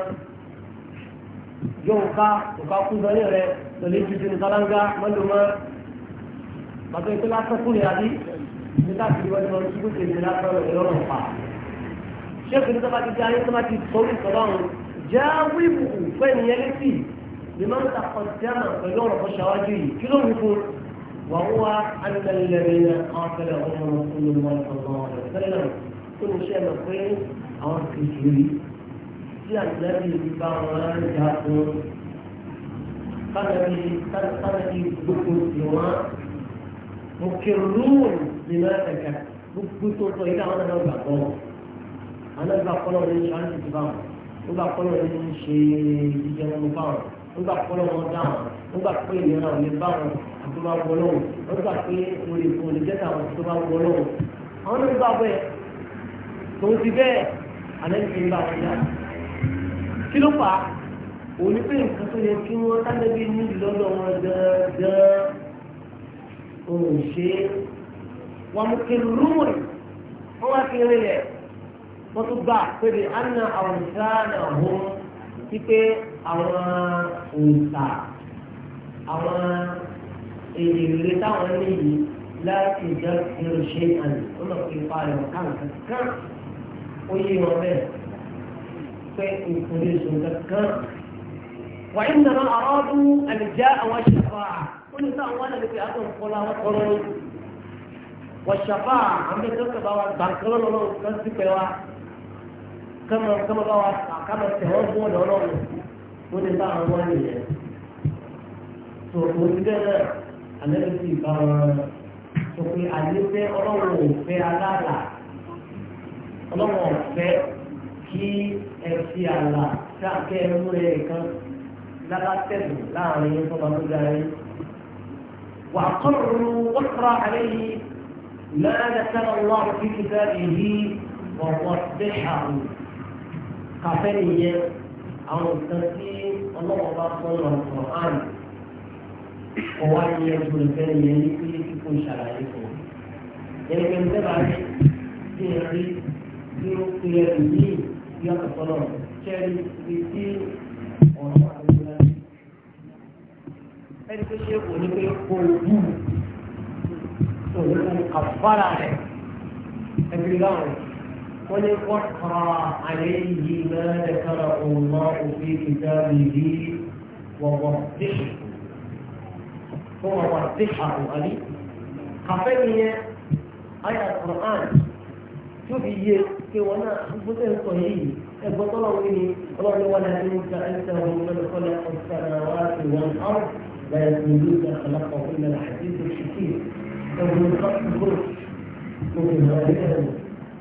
yóò ká òká kú sọ́yìn rẹ pẹ̀lú ìdíje ńkálángá pẹ̀lú mọ́ bàtà ìpínlẹ̀ asẹ́kùnrin àbí nígbà tí wọ́n ti lọ sí kó ṣéèkì ní sábà ti di ayé sábà ti sọrí ìsọ̀rọ̀ àwọn já wíwù fẹ́ ìyẹn létí ni máa ń ta kọ̀ǹtíàmà pẹ̀lú ọ̀rọ̀ kan ṣáwájú yìí kí ló ń fún wà ń wá alẹ́lẹ́rẹ́ ọ̀fẹ́lẹ́ ọmọ olùmọ̀ ọ̀gbọ̀n ọ̀rẹ́fẹ́lẹ́ tó ń ṣe ẹ̀mọ̀ pé àwọn kìkìrì tí àtìlẹ́bí bá wọn já fún kánàbí kánàbí gbogbo ìwọ̀n mo kẹrù lóòrùn nínú ẹ̀ka gbogbo tó sọ ilé àwọn náà gbàgbọ́ wọn àwọn náà rẹ̀ ṣe àǹtí ti báwọn ó gbà kọ́lọ̀ rẹ̀ ń ṣe jíjẹ wọn báwọn ó gbà kọ́lọ̀ wọn dáwọn ó gbà pé ìlera ò lè báwọn àti bá wọ lọ́wọ́ ó pé orí kò lè jẹ́ta àwọn tó bá wọ lọ́wọ́ àwọn náà gbà bẹ́ẹ̀ tó ń ti bẹ́ẹ̀ àlẹ́ ti bá wọn yá kí ló fà á òun pé nǹkan tó yẹ kí wọ́n tálẹ́bí ní ìlọ́dọ̀ wọn gan-an òun ṣe wàmùkẹ́lù rúmùrì wọ́n wá kiri rẹ̀ wọ́n tún gbà pé bí anna àwùjáàna ọ̀hún wípé àwọn òǹtà àwọn èrè rere táwọn níyì láti jẹ́ irun ṣe àná ó lọ fi pa ẹ̀rọ káàkiri ó yé wọn bẹ́ẹ̀ pé nǹkan lè sùn kankan. وإنما أرادوا الجاء والشفاعة قلت أولا لكي أدهم قولا وقلوا والشفاعة عم بيترك بوا بانكرون ولو تنسي بوا كما كما قال كما تهون هو دولو ودا تا هون يعني تو بودي ده انا بدي قال تو في علي في اولو في على لا اولو في كي اف سي على شا كي موري كان لا تكتب لا يعني تو بابو جاي واقروا واقرا عليه ما ذكر الله في كتابه ووضحه kàfẹ́ nìyẹn àwọn nǹkan tí ọlọ́wọ́ bá fọ́ lọ sọ àn ọwọ́ ayẹyẹ gbọ́dọ̀ fẹ́ nìyẹn ní pé kí kò ṣàlàyé fún un. yẹn kẹ́ ń tẹ́lá rí bí ẹ rí bí ó pe ẹrù yìí bí ọ̀sán fọlọ́ kẹ́rì ibi tí ọ̀rọ̀ wà lórí láti. ẹni tó ṣe kò ní pé kò bú òun kò kàfàrà rẹ̀ ẹgbẹ̀rún láwọn. وليقرأ عليه ما ذكره الله في كتابه ووضحه هو وضحه علي قبلني آية القرآن تبي هي كي وانا بده صحيح البطلة ويني الله ولا تنسى سألته من خلق السماوات والأرض لا يكونون خلقه إلا الحديث ومن خلق الخلق ومن ممكن هذا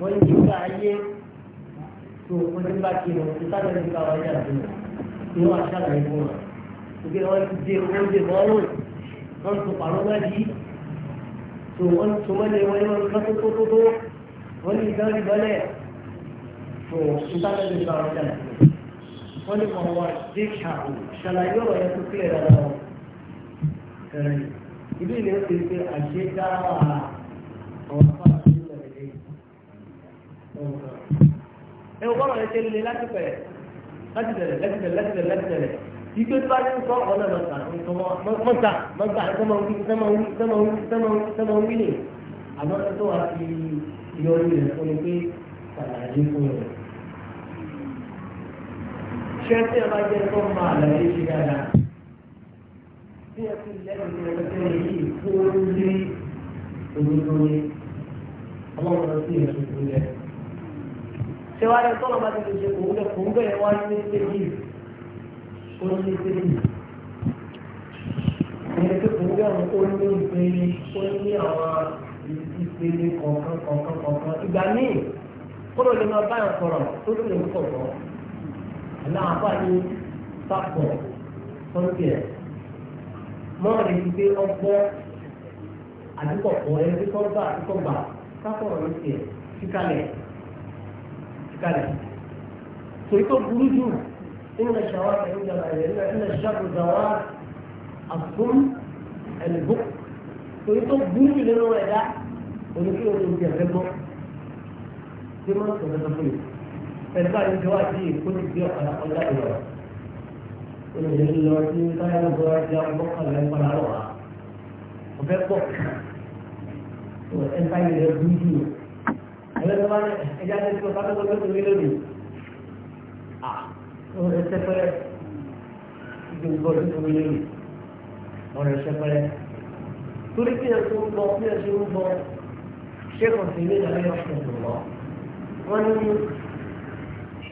wọ́n ní ìgbà ayé tó wọ́n ti bá kí wọn ìta náà nípa wáyé àti wọn ni wọ́n aṣáájú fún wọn. Òkè wọn ti dé wọ́n dé bọ́ọ̀lù wọ́n tó pàrọ̀ wá yìí tó wọ́n tó wọ́n lé wọ́n lọ́wọ́ lọ́tọ́ tó tó tó wọ́n ní ìdánwò ìbọ́lẹ̀ tó ìta náà nípa wáyé àti wọn. ní wọn wá dé ṣàkó ṣàlàyé ọ̀rọ̀ yẹn tó kílẹ̀ dáadáa wọn. Ìbí ti ṣe àṣekára ẹ wọ́n bọ́ọ̀rọ̀ yẹn ṣe lè láti bẹ̀rẹ̀ láti bẹ̀rẹ̀ láti bẹ̀rẹ̀ láti bẹ̀rẹ̀ láti bẹ̀rẹ̀ ìgbé tó ayé ń sọ ọ̀nà mọ̀ta mọ̀ta mọ̀ta sẹ́mọ̀ wí sẹ́mọ̀ wí sẹ́mọ̀ wí sẹ́mọ̀ wí sẹ́mọ̀ wí lè àmọ́ tó wà fi yọrí rẹ̀ fún mi pé sàlàyé fún rẹ̀. ṣé tí ẹ bá jẹ́ tó máa làyé ṣe dáadáa tí ẹ fi lẹ́yìn tí ẹ fẹ́ fún orí olódóni ọlọ́run sí ẹ̀sùn tó yẹ ṣé wàá rẹ tọ́lọ́ bá ti lè ṣe òun lẹ fún bẹ́ẹ̀ wá ní ṣéjì ó ní ṣéjì ìyẹn tó fún bẹ́ẹ̀ wọn ó ní ìpele ó ní àwọn ìpele kọ̀ọ̀kan kọ̀ọ̀kan kọ̀ọ̀kan ìgbà míì kúrò lè máa báyọ̀ sọ̀rọ̀ tó lè ń sọ̀rọ̀ aláwọ̀ bá ní sápọ̀ sọ́ńtì ẹ̀ mọ́ rẹ̀ ti gbé ọgbọ́n àdúgbò pọ̀ ẹ̀ bí kọ́ bá àdúgbò gbà sápọ̀ rẹ̀ ti ẹ̀ kalẹ̀ torí tó burú jù nínú ìṣàwọ́ àtẹ̀yìn ìjọba ẹ̀yẹ nínú ìṣàkóso ìjọba àfún ẹ̀lẹ́gbọ́ torí tó burú jù nínú ẹ̀dá oníkíló tó ń jẹ ẹ̀fẹ́ gbọ́ tí wọ́n sọ̀rọ̀ lọ fún mi pẹ̀lú àyè ìjọba àti èkó ti gbé ọ̀kadà ọjà ìlọ olùdíje lọ sí táyà lọ́gbọ́ ọjà ọgbọ́kànlá ẹ̀kọ́ làárọ̀ wa ọ̀fẹ́ pọ̀ àwọn ẹgbẹ́ máa ń ẹja ní ẹsẹ̀ ọ̀pá tó tó rí lónìí. àwọn ẹsẹ̀ pẹ́rẹ́ ìdòwúgbọ́ tó tó rí lónìí. ọ̀rọ̀ ẹsẹ̀ pẹ́rẹ́. torí kí ẹ̀sùn ń bọ kí ẹ̀sùn ń bọ ṣé kò sí ilé ìdáná yọ ọ̀sẹ̀ tó lọ. wọ́n ní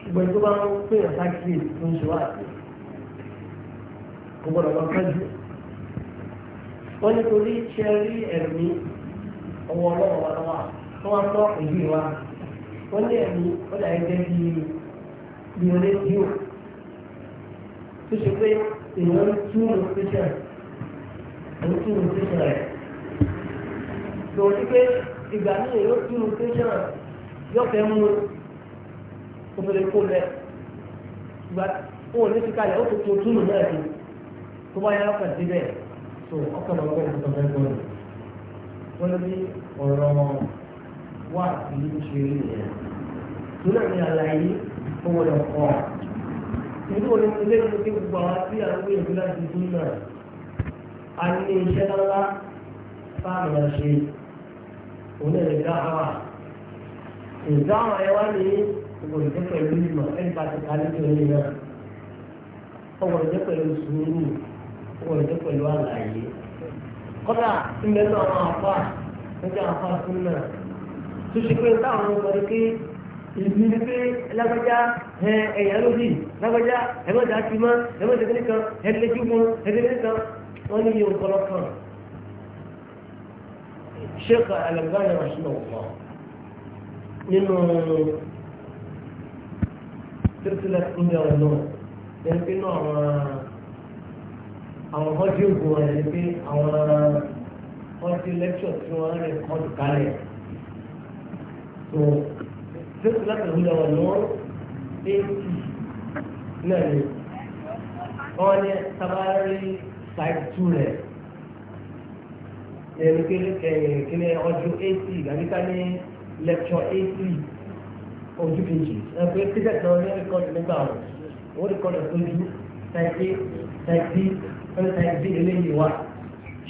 ìgbẹ́ tó bá ń pè ẹ̀ sáàkì tó ń ṣe wá wọ́n wá tọ́ èyí wa wọ́n lé ẹ̀mí ó dà gẹ́gẹ́ bí bí rédíò tó ṣe pé èèyàn ń tún lò tẹ̀sán ń tún lò tẹ̀sán rẹ̀ lòun ti pé ìgbà ní èèyàn ó tún lò tẹ̀sán yọ̀fẹ́ mú obìnrin kó lẹ̀ ìgbà ó ní ti kalẹ̀ ó tó tó tún lò náà ti tó bá yára pẹ̀lú síbẹ̀ tó ọkàn lọ́wọ́ ìfọ̀tọ̀ fẹ́ gbọ́dọ̀ wọ́n lé ní ọ̀rọ̀ wà sí ìṣeré rẹ̀ tónà ní àlàyé owó rẹ̀ kọ́ nínú òní ilé ìlú tí gbogbo àwọn tí à ń gbé ìlú láti dún náà a ní iṣẹ́ ńlá fáàmì náà ṣe òun náà lè dá àwà ìdá àwọn ẹwà ní ọgbọ̀n ìjẹ́ pẹ̀lú ìmọ̀ ẹni bá ti kálí tó ní náà ọgbọ̀n ìjẹ́ pẹ̀lú sùúrù ọgbọ̀n ìjẹ́ pẹ̀lú àlàyé kọ́dà ń bẹ́ẹ̀ náà àwọn àfà ń jẹ́ àfà fún náà tó ṣe pé táwọn ọmọ rẹ̀ pé ìlú ni pé lágbájá ẹ̀yà lódì lágbájá ẹ̀mọ́jà ti mọ́ ẹ̀mọ́jà kìíní kan ẹ̀dẹ́lẹ́jú mọ́ ẹ̀dẹ́lẹ́jú kan wọ́n ní yóò kọ́lọ́ kan. sheikh alagbaye rasulu ọ̀pọ̀ nínú tírísílẹ̀ ìgbà ọ̀nà ẹni pé náà àwọn àwọn ọjọ́ ìgbò ẹni pé àwọn ọjọ́ lẹ́kṣọ̀ tí wọ́n rẹ̀ kọ́ tó fífi láti ìlú lọ́wọ́ lọ́wọ́ eighty náà ni wọ́n ní sábàárì side two rẹ̀ ẹni kíni ọjọ́ eighty gàdíkà ní lecture eighty ojú kejì ẹgbẹ́ tíkẹ́tì náà ní rìkọ́dù nígbà wọn wọ́n rìkọ́dù sójú tàìtì tàìtì ẹni tàìtì eléyìí wá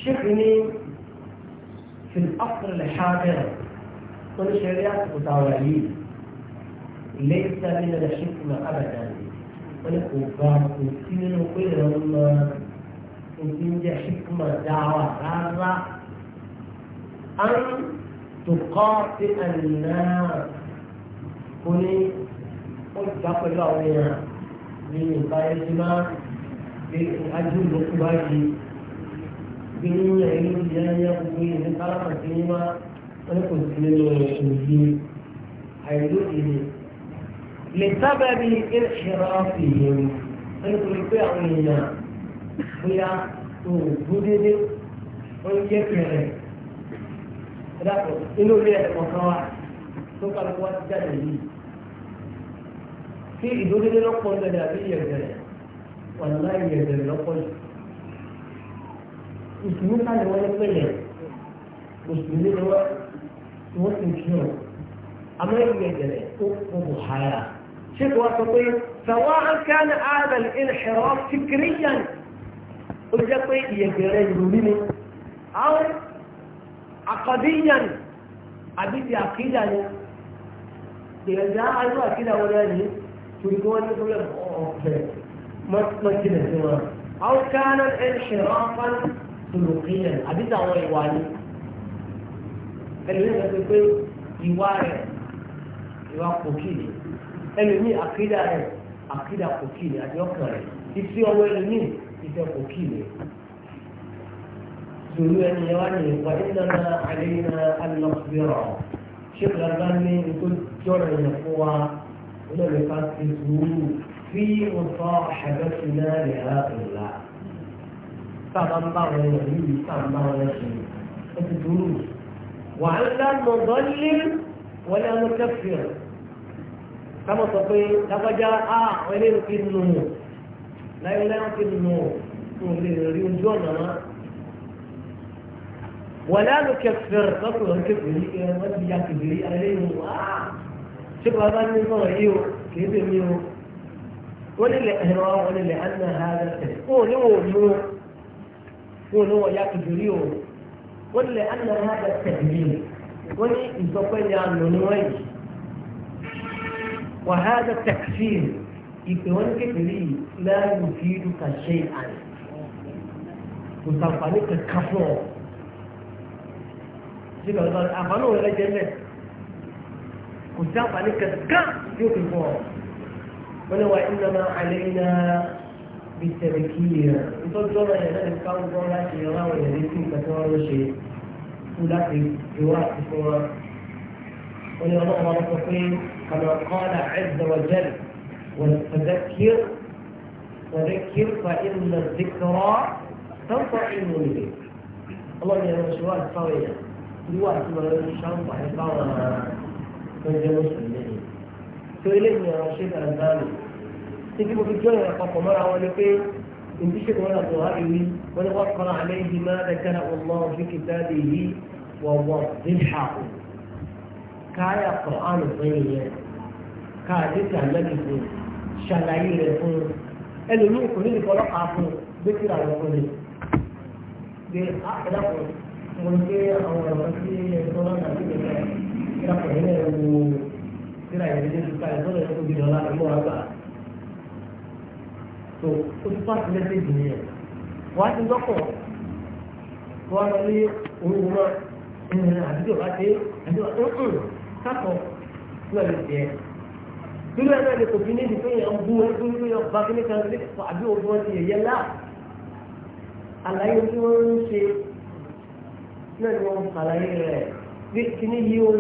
ṣé kìíní fi afro lè ṣáájú rẹ̀. كل شريعة وتعاليم ليس من الحكمة أبدا والكفار يمكن كلهم يمكن حكمة دعوة هذا أن تقاطع الناس كل قد تقل عليها من قائدنا بأجل القبائي من يريد أن يقوي من طرف الدين wọ́n kò sí nínú òbí àìlú ìlú. lè sábà bí ìṣẹ̀rọ fi yẹn wọ́n kò rí pé àwọn èèyàn bóyá tó bú dédé wọ́n yẹ kẹrẹ̀ dàpọ̀ inú ilé ẹ̀kọ́ kan wà tó kálukú wá ti jáde wọ́n شكوى تطيب سواء كان هذا الانحراف فكريا وجطي يجري منه او عقديا عبيد يعقيد عنه اذا جاء ايضا كده ولاني تقول يقول لك اوكي ما ما كده او كان انحرافا سلوكيا عبيد اوري والي ẹlòmíì sọ pé ìwà rẹ̀ ìwà pòkì ni ẹlòmíì àkídà rẹ̀ àkídà pòkì ni àdéhùn rẹ̀ ìfi ọwọ́ ẹlòmíì ìfẹ́ pòkì ni. Sòlú ẹni yẹn wá ní ìwà ìlànà àlẹ́yìnà alọ́sibírọ̀. Ṣé ìlànà ní ètò jọ̀rọ̀ yẹn fún wa? Olóòlù ká ti sùúrù fi ọ̀tọ̀ àṣàgbẹ́sì náà lè rà ìlà. Sábà ń bá wọn yẹn níbi sábà ń bá wọn yẹn ṣe. Ó ti dúró. وعلى مضلل ولا مكفر كما تقول لفجاء آه ولا يمكن لا لا يمكن نور ولا نكفر قبل أن كفر ولا يكفر عليه شوف هذا النظام إيو كيف إيو وللإهرام وللأن هذا قولوا قولوا يكفروا wọ́n lè ana hada tẹ̀lé wọ́n ní ìsọpẹ́ ní ànàní wọ́n yìí wà hada takfir ìpè wọn kékeré yìí láàyè fi dùkà ṣe àná kò sàǹfààní fún ọ síbi ọ̀dọ́ àǹfààní òun rẹ̀ jẹ́ mẹ́ kò sàǹfààní kankan yóò fi fún ọ wọ́n ní wà ìnáma àlẹ́ náà. بالتذكير وتذكر يا ذلك قول قولا في يرى ويذكر كثير شيء ولكن يواقف ولله مرتقين كما قال عز وجل وتذكر وذكر فإن الذكرى تنفع المؤمنين الله يا مشوار قوية الوقت ما الشمس حصار من المسلمين سئلني يا رشيد الألباني títí mo fi jọ ìrìn àpapọ̀ mọ́ra wọn ni pé ìdí ṣe wọn àti wàhálì wí wọn ni wọn kọ́ra àlẹ́ yìí máa dẹ́kẹ́ra ọmọ fi kìtàbí yìí wọ̀wọ̀ dídà o káyà kọ̀ọ̀ánù fún ìyẹn káà dídà lẹ́bi fún ṣàlàyé rẹ̀ fún ẹlòmíì kò ní ìfọlọ́pàá fún gbẹ́kìrà rẹ̀ fún mi. gbé àkàdà kò mo ní pé àwọn ọ̀rọ̀ sí ẹ̀tọ́ náà nàbí ìgbà ìgbà kò ní ẹ̀rọ wo síra ìrẹ́lẹ́sì ká ẹ̀tọ́ náà ẹ̀kọ́ gbìyànjú tó o ti pàṣẹ mẹ́sẹ̀gì nìyẹn wàá ti lọ́kọ̀ wàá lọ ní òun náà ẹ̀ẹ́n àdúgbò bá dé àdúgbò ọ̀hún kápọ̀ lọ́ọ̀lù tiẹ̀ torí ẹ̀ náà lè kò fi ní ìdíkọ́ yẹn ń bú ẹ tó ń gbé ọba kí ní kan lè fọ àbí òun wọn ti yẹ̀yẹ́ lá àlàyé tí wọ́n ń ṣe náà ni wọ́n ń kàlàyé rẹ̀ bí kíní yí o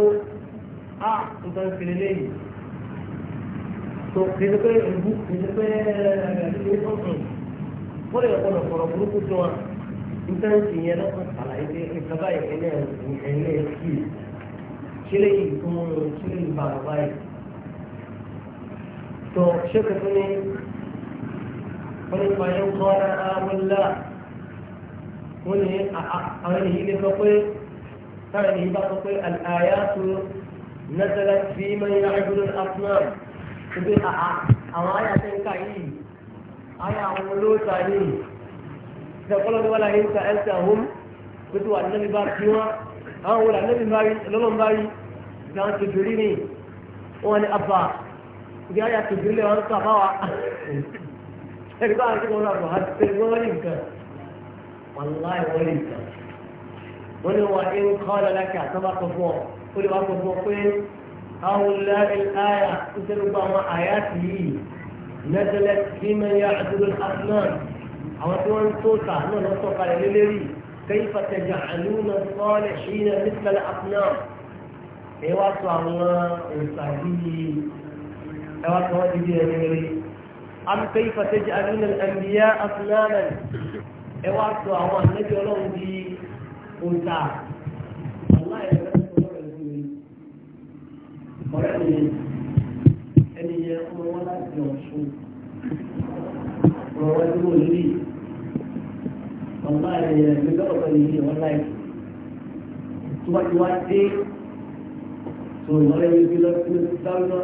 a ah, nǹkan ìfìlélẹ́yìn. Eh, tó kìí pé ìbú kìí pé wọ́n lè kọ́ lọ́kọ̀ọ́ burúkú tó wà níta ń sìn yẹn lọ́kàn àlàyé pé nǹkan báyìí ẹ̀lẹ́ ẹ̀lẹ́ kì í ṣílẹ̀ yìí tó mú un ṣílẹ̀ yìí bàbá báyìí. tó ṣé kò fún wọ́n ní pàṣẹ ń kọ́ ọ́nà wọ́n ní àwọn ènìyàn lè sọ pé táwọn ènìyàn bá sọ pé àyà tó nẹ́tẹ̀lẹ́ fi máa ń yá ẹgbẹ́ pé ah, ah, àwọn àyà tẹ́ ń kà yìí àyà àwọn olóòtú àyè ìṣẹ̀kọ́lọ́ ní wọ́n láyé ń ta ẹ̀sẹ̀ àwọn pẹ̀lú wà nẹ́bí bá fi wọ́n àwọn wò lànẹ́bí bá rí lọ́lọ́ bá rí ìdáhùn tòjúrí ni wọ́n ní abà ìdí àyà tòjúrí lẹ́wọ̀n ń sàbá wa ẹ̀rí bá àti wọn lọ́wọ́ àti pé wọ́n rí nǹkan wàláì wọ́n rí nǹkan wọ́n ní wà ń kọ́ lọ́lá هؤلاء الآية ربما آياته نزلت فيمن يعبد الأصنام أو تون توقع أنا توقع للي كيف تجعلون الصالحين مثل الأصنام إيوا صاروا الله إيوا صاروا أم كيف تجعلون الأنبياء أصناما إيوا صاروا نجلون دي أنسان jáde ẹni yẹ ọmọ wọn láti ọ̀ṣun ọmọ wọn tí mo lè ọ̀nà ẹ̀yẹ gbẹgbẹ́ ọ̀pẹ yìí ni wọ́n láì tó bá ti wá dé tó ìmọ̀lẹ́ yìí gbé lọ sí sáré náà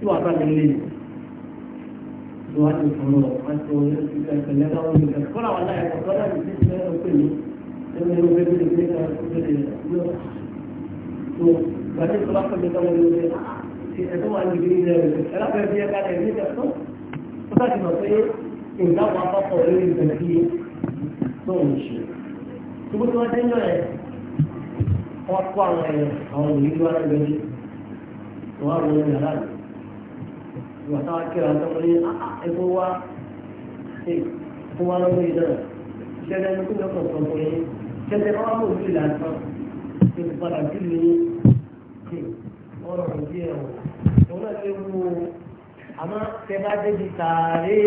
tí wàá bá mi lè tó wá ti sọ̀rọ̀ wá ti wọlé sí ẹ̀kẹ́ lẹ́gbàá wọn nìkan kọ́lá wọn láì kọ́ lọ́dà mi sí ẹ̀rọ pè mí ẹ̀rọ pè mí lè gbé ká lóde lọ gbàdé ìfọlọ́pọ̀ mi lọ́wọ́ ní orí ti ẹ̀tọ́ wà níbi ilẹ̀ rẹ̀ ẹlọ́pẹ̀ bí ẹ̀ka rẹ̀ ní ìtẹ̀tọ́ ó bá ti mọ̀ pé ìdáwọ̀ akọ́kọ̀ lórí ìgbà tí tó ń ṣe gbogbo tí wọ́n dé náà ẹ̀ wọ́n kó àwọn ẹ̀yàn àwọn ìlú wa lọ́wọ́ ní wọ́n á wọlé yàrá rẹ̀ ìwà táwa kíra tó wọlé ẹgbẹ́ wa ṣe fún wa lọ́wọ́ yìí wọn lọ sí díẹ̀ o òun náà ṣe wú o àmọ́ tẹ bá débi tààrí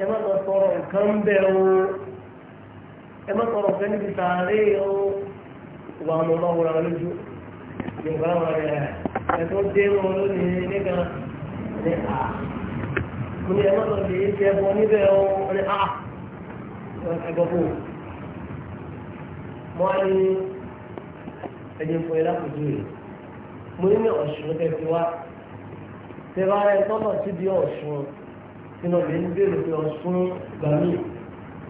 ẹ má lọ tọrọ nǹkan bẹ o ẹ má tọrọ nǹkan níbi tààrí o wà wọn lọ wọra lójú yorùbá wọn rẹ ẹ tó dé wọn lónìí nìkan ní à mo ní ẹ má lọ lè jẹ bọ níbẹ̀ o ni à ẹ gbọ́ fún o mo á ní ẹni fún ẹ lápòjú mo ní ní ọ̀ṣun tẹ fi ẹ tọ́lọ̀ síbi ọ̀ṣun sínú ọ̀lẹ́ ń bèrè pé ọ̀ṣun gbà mí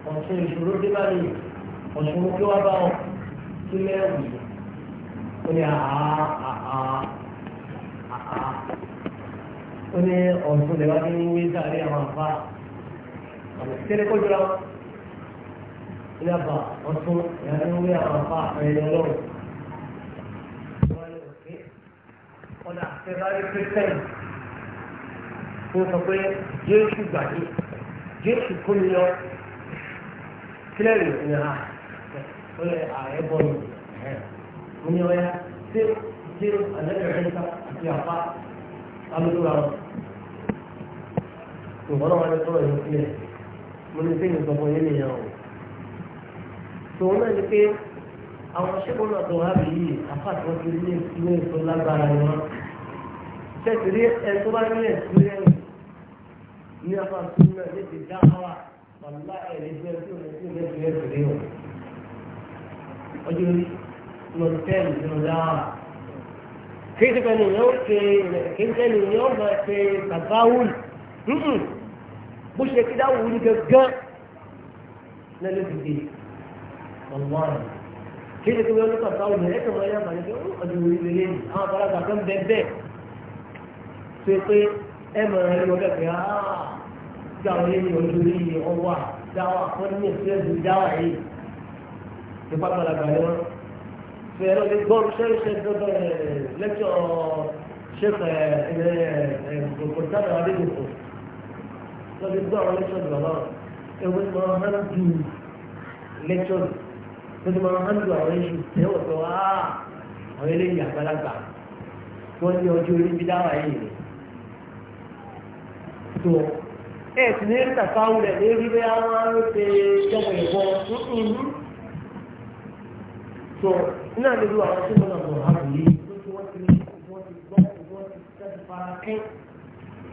ọ̀ṣun ìṣòro dé bá mi ọ̀ṣun mo kí wá bá ọ kí lẹ́rù ó ní àá àá àá ó ní ọ̀ṣun lè wá ń wé sáré àwọn àfa àmọ̀ tẹ́lẹ̀ kọjú ra wọn ní àbá ọ̀ṣun ìyá ń wé àwọn àfa ẹ̀yẹ ọlọ́run. ṣe bá rí kírísítẹ́nì tó sọ pé jésù gbàdé jésù kó mi lọ kílẹ̀ rè ní ha ó lè ààrẹ bọ́ mi mo ní ọ̀yá ṣé ṣé àlẹ́rẹ̀ ẹ̀ka àti àpá alóòrà wọn ìwọ́n náà wà ní sọ̀rọ̀ yìí sílẹ̀ mo ní sí ìsọ̀kan yìí nìyẹn o tòun náà ni pé àwọn ṣẹ́gun náà tó wá bí yìí àpá àti wọn ti ní ìsúná ìsúná lágbára ni wọn tẹ̀sírí ẹni tó bá ní ẹ̀sìrẹ́rì ní ọba súnmọ́ ní ti dá wà wàlúwà ẹ̀rí bí ẹni tó lè sí ilé ìlú ẹ̀sìrẹ́ o. ọjọ́ lọ tẹ́lì lọ dá wà. kí ni kẹ́ni yóò ṣe kí ni kẹ́ni yóò lọ ṣe bàbá wùl bó ṣe kí dáwọ̀ wùl gángan lẹ́nu dìde wàlúwà kí ni kí wọ́n lọ́kàn báwùl ẹ̀ẹ́dẹ̀gbọ́n yá màlẹ́ ọdún orí tó yẹ pé ẹ mọ̀ ẹ́ lọ bẹ́ẹ̀ pé tí àwọn yẹn ní ojú rí ọwọ́ àdáwà wọ́n ní ìfẹ́ ìlú dáwà yìí tó bá gbàlagbà ni wọ́n fẹ́ ẹ lọ́dẹ gbọ́ ṣẹ́ṣẹ́ dọ́dọ̀ lẹ́kṣọ̀ ṣẹ́fẹ̀ ẹ̀ kòtàdà adéjòkò lọ́dẹ gbọ́ àwọn lẹ́kṣọ̀ gbàgbà ẹ̀wọ́n ti máa hàn ju lẹ́kṣọ̀ tó ti máa hàn ju àwọn iṣu tẹ́wọ̀ tó ah, wá àwọn eléyìí àgbàlagbà wọ́n ní ọjọ́ orí bí dáwà yìí sí wọn ẹ sì ní tàfà wulẹ̀ ní rí bẹ́ẹ̀ àwọn ṣe jọmọ ìbọn so iná lè lu àwọn tí wọn náà bọ̀ àbò yìí lójú wọn ti wọn ti gbọ́ wọn ti tẹ́tù fara kẹ́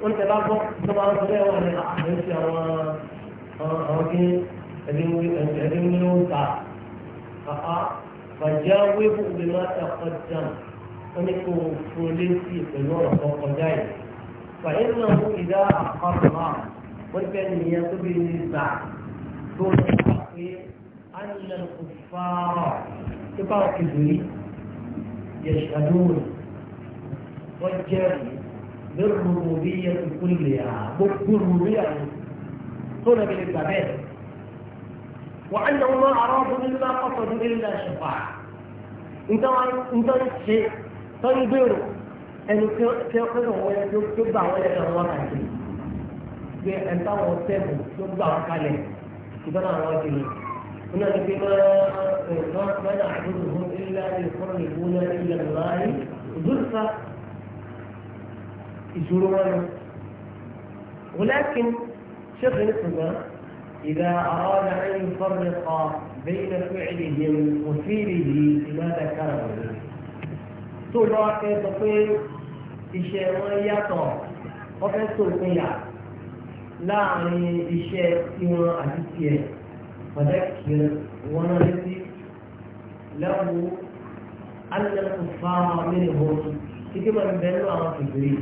wọn tẹ bá gbọ́ tó máa ń sọ bẹ́ẹ̀ wọn ní àwọn ti àwọn àwọn kí ẹni ń ń ta bàjẹ́ wíwú bí wọ́n ti àkọ́jà wọn ní kò fún lé sí ìpẹ̀lú ọ̀rọ̀ kan kọjá yìí. فإنه إذا أقر والكلمية بالنسبة دون التحقيق أن الكفار كفار كذبين يشهدون والجري بالربوبية كلها بالربوبية دون بالإبداعات وأنهم ما أرادوا إلا قصدوا إلا شفاعة انت انت شيء تنظروا أن تقنوا ولا تبع ولا تغوانا فيه بأن تغوى السابق تبع قليل ما نعبدهم إلا ليقربونا إلى الله زلفى يجرون ولكن شيخ نفسنا إذا أراد أن يفرق بين فعلهم وفيله إذا ذكره طول راكب طويل iṣẹ́ wọn yàtọ̀ wọ́n fẹ́ sòpinya láàrin iṣẹ́ tiwọn àti tiẹ̀ pàtàkì wọn náà létí lẹ́wọ̀ alẹ́kùn fáwọn mílíọ̀nù kíkẹ́ máa wọn bẹ nínú àwọn kìbìrì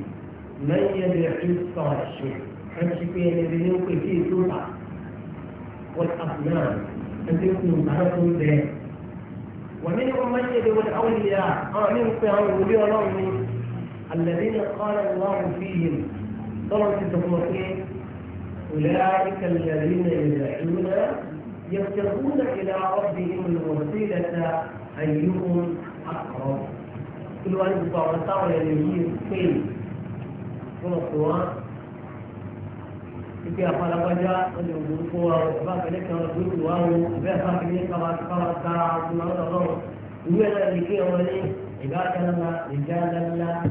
lẹ́yìn tó sọ àṣẹ ẹ ti pé náà ẹ ti kù àwọn tó ń bẹ́ẹ̀. wọ́n ní wọ́n ẹ̀dẹ̀ ní pé ti èso wà wọ́n ti àfúnà ẹ̀dẹ̀ kù àwọn tó ń bẹ wọ́n ní wọ́n máa ń ṣe ẹ̀dẹ̀ wọ́n àwọn ìyá àwọn ní ń pẹ́ àwọn iwule ọlọ́run ní. الذين قال الله فيهم طبعا تتفقين أولئك الذين يدعون يفتقون إلى ربهم الوسيلة أيهم أقرب كل واحد بطاقة طاقة يليه فيه كل الصوان إذا قال بجاء ونقول قوة وإخفاق لك ونقول قوة وإخفاق لك ونقول قوة ونقول قوة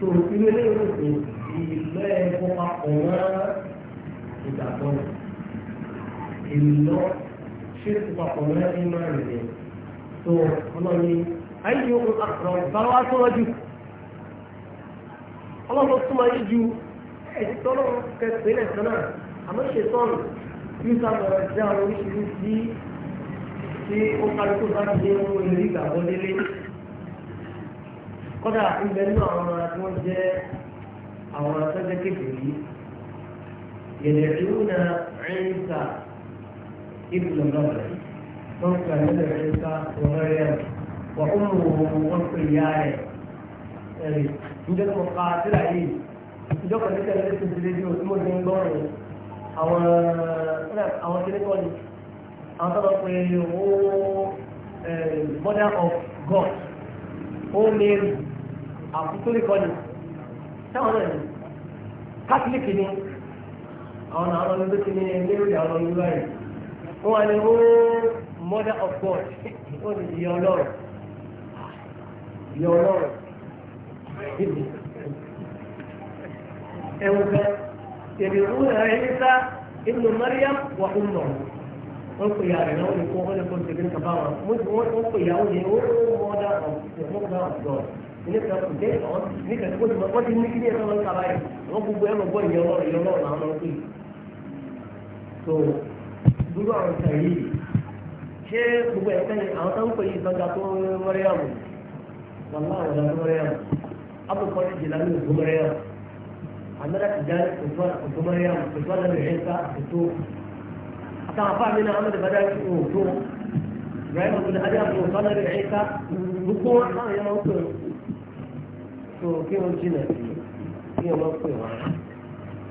tó irú eléyìí ló sì ìlú ẹ̀kọ́ papọ̀ mọ́ ìgbàgbọ́ ìlú ṣírkù papọ̀ mọ́ ìmọ̀ rẹ̀ tó ọlọ́ni ayé yóò àkùrọ̀ ìbára wa tó lọ́jú ọlọ́run tó máa yí ju ẹ̀tọ́rọ̀ kẹsìlẹ̀ sọ́nà àmọ́ ṣètọ́nù bí sábà jẹ́ àwọn oríṣiríṣi tí kárí tó bá ti dé délé. kọ́dà ibẹ̀ nínú àwọn ọmọ tí wọ́n jẹ́ àwọn atọ́jọ́ kékeré yẹ̀dẹ̀ tí ó na ẹ̀ńsà ibùdó lọ́wọ́ wọ́n kà nílẹ̀ ẹ̀ńsà lọ́rẹ́ wà ó mú wọn pè ya rẹ̀ ẹ̀rì níjọ́ tó ka síra yìí níjọ́ kan níta lẹ́yìn tó ti lé díò tí mo ti ń gbọ́ rẹ̀ àwọn àwọn kíníkọ́ ni àwọn tó lọ pé owó border eh, of God ó mẹ́rin àkútórí kọ́ ni táwọn náà ni kátólíkì ni àwọn àwọn ọmọ tó ti ní lérò àwọn ọmọ ìlú rẹ̀ wọ́n wá ní ó oh, mother of God ó ní ìyá ọlọ́run ìyá ọlọ́run ẹ̀wọ̀n kan tẹ̀lé òun rẹ̀ ní sá ibnu Maryam wà ó nọ̀ wọ́n pè ya rẹ̀ náà wọ́n lè kó wọ́n lè kó tẹ̀lé kaba wọn wọ́n pè ya wọ́n yẹ ó oh, mother of God nípa ǹjẹ́ ìtàn nípa ìtàn kó wọ́n ti ní kí ní ẹ̀rọ lọ́ta báyìí wọ́n gbogbo ẹ̀rọ gbọ́ ìyẹn ọ̀rọ̀ ìyẹn ọ̀rọ̀ làwọn máa ń pè. tó dúró àwọn ìtàn yìí ṣé gbogbo ẹ̀ sẹ́yìn àwọn tó ń pè yìí gbọ́dọ̀ tó mọ́rẹ́yàmù wàlá àwọn ọ̀dọ́ mọ́rẹ́yàmù abùkọ́ ti jìlá ní òkú mọ́rẹ́yàmù àmẹ́rẹ́ ti jáde òkú mọ́rẹ́yàmù òkú àdàbẹ̀ ẹ̀ ká ètò àtàwọn afáàmì náà àmẹ́rẹ́ bá dá òkú ibrahim abdulhadi abdulhadi ẹ̀ka tó kí wọ́n jìnà sí kí wọ́n pè wá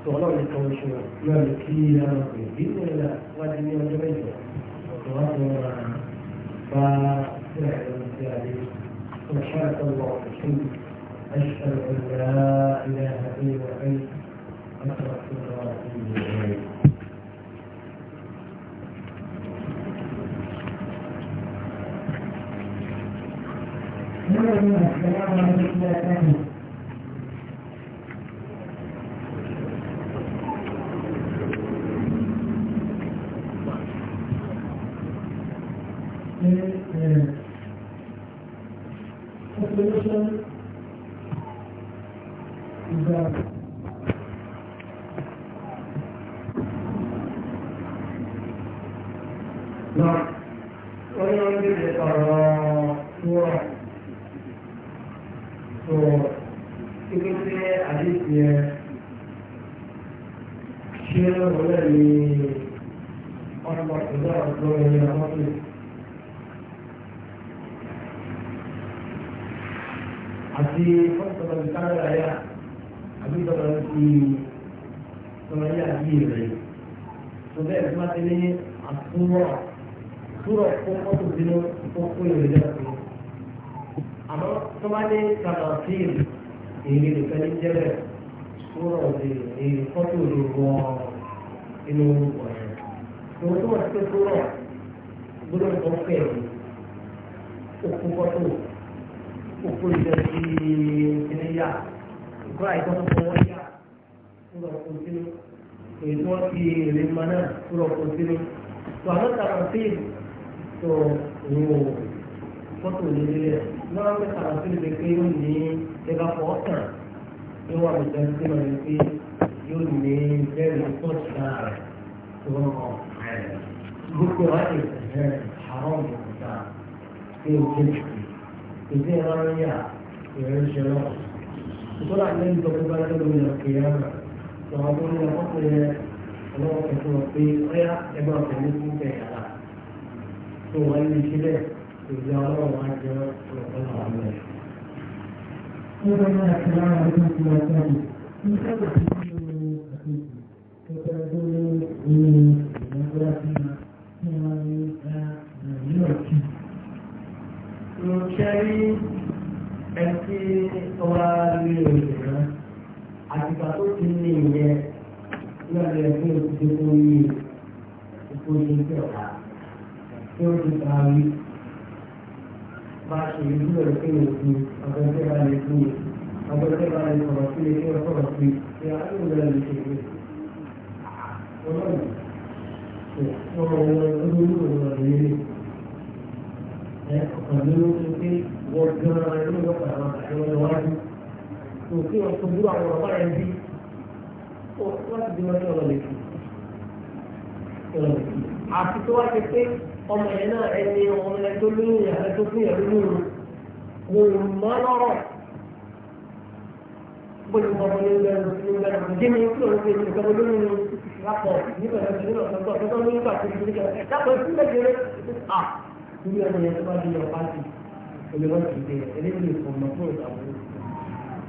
tó ọlọ́run nìkan oṣù yóò lè kí ara pè bí ó yẹ wájú ní ọjọ́ mẹ́jọ ọ̀tọ̀ wá tó ra bá síra ẹ̀rọ sí adé سبحانك اللهم وبحمدك أشهد أن لا إله إلا أنت أستغفرك وأتوب إليك Thank you. ní àtúrọ̀ túrọ̀ fún mọ́tò sínú fún ìròyìn náà sí. àmọ́ tó bá ní kàmàfíìn èyí nìkan ní jẹ́rẹ̀ túrọ̀ sí èyí fọ́tò lè wọ inú ọ̀rẹ́. tó tó wọ́n ti pé gbọ́dọ̀ tó fẹ̀ òkú fọ́tò òkú ìjẹ́ sí ìníyà ìkọ́ àìsàn tó fọwọ́ yà ń lọ kó sínú èyí tí wọ́n fi èrè mọ náà tó lọ kó sínú tó àwọn tàbátìl tó wò fọ́tò nílé rẹ̀ náà wọ́n fi tàbátìl bẹ pé yóò ní ẹgbà fọ́ ọ̀tàn ní wọ́n àbùdá sí wọn ní pé yóò ní bẹ́ẹ̀rẹ̀ tọ́jú náà rẹ̀ tó ń rọ̀ rẹ̀ gbogbo wa ti rẹ̀ àwọn òkúta tí o jẹ́ ìdí ẹ̀rọ ń yà ìrẹsẹ̀ náà. Ìtọ́lá ní ìjọba ìbára lórí ọ̀kẹ́ yára lọ́wọ́ tó ní ọkọ̀ tó yẹ ọlọ́wọ́ tó fún ọ ẹgbẹ́ ọ̀tẹ̀ ní fún tẹ̀ yàrá tó wọ́n ní sílẹ̀ ìgbà ọlọ́wọ́ wá jẹ́ ọ̀pọ̀ àwọn ọmọ rẹ̀. Mo fẹ́ máa ṣe lára ọdún tí wọ́n tẹ̀ mí. Mo fẹ́ bẹ̀rẹ̀ sí ní àkókò tó fẹ́ tó ní ìrìn ìgbàgbọ́ sí ma kí wọ́n ní ká Nàìjíríà kì. Mo àtìgbà tó ti lé yẹ lọ́dọ̀ ẹgbẹ́ òṣìṣẹ́ tó yé ìkó ṣe ń tẹ̀ wá tí ó ti ta rí bá ṣe ìlú rẹ̀ pé òfin ọ̀gbẹ́sẹ̀ bá lè fún mi ọ̀gbẹ́sẹ̀ bá lè sọ̀rọ̀ sí ilé ẹ̀kọ́ sọ̀rọ̀ sí ṣé àdúgbò rẹ̀ lè ṣe ìwé. ọlọ́run ṣe ọ̀rọ̀ wọn olórúkọ ìwà ìrírí ẹ̀ ọ̀kan ló ń ṣe pé wọ́n gan-an ló ń wọ́pọ̀ àwọn àti wọn lọ́wọ́ kò sí ọ̀sùn búrú àwọn ọ̀rọ̀ báyẹn bí ó wọ́n ti di wọn ní ọ̀rọ̀ lè fi àti tó wá ṣe pé ọmọ yẹn náà ẹni ọmọ yẹn tó lóyún yẹn ẹni tó fún yẹn lóyún mo mọ lọ́rọ̀ bóyá ọmọ yẹn ń bẹ̀rù sí ń bẹ̀rù sí mi kúrò ní ìlú ìjọba lóyún ní lápọ̀ nígbà tó ti ní ọ̀sán tó ọ̀sán tó ní ìgbà tó ti ní ìjọba dápọ̀ sí lẹ́gbẹ̀rẹ́ à níbi ọmọ yẹn tó bá di ọ̀pá sí olùwọ́n ti dé ẹlẹ́yìn ìfọ̀mọ́ fún ìtàwọn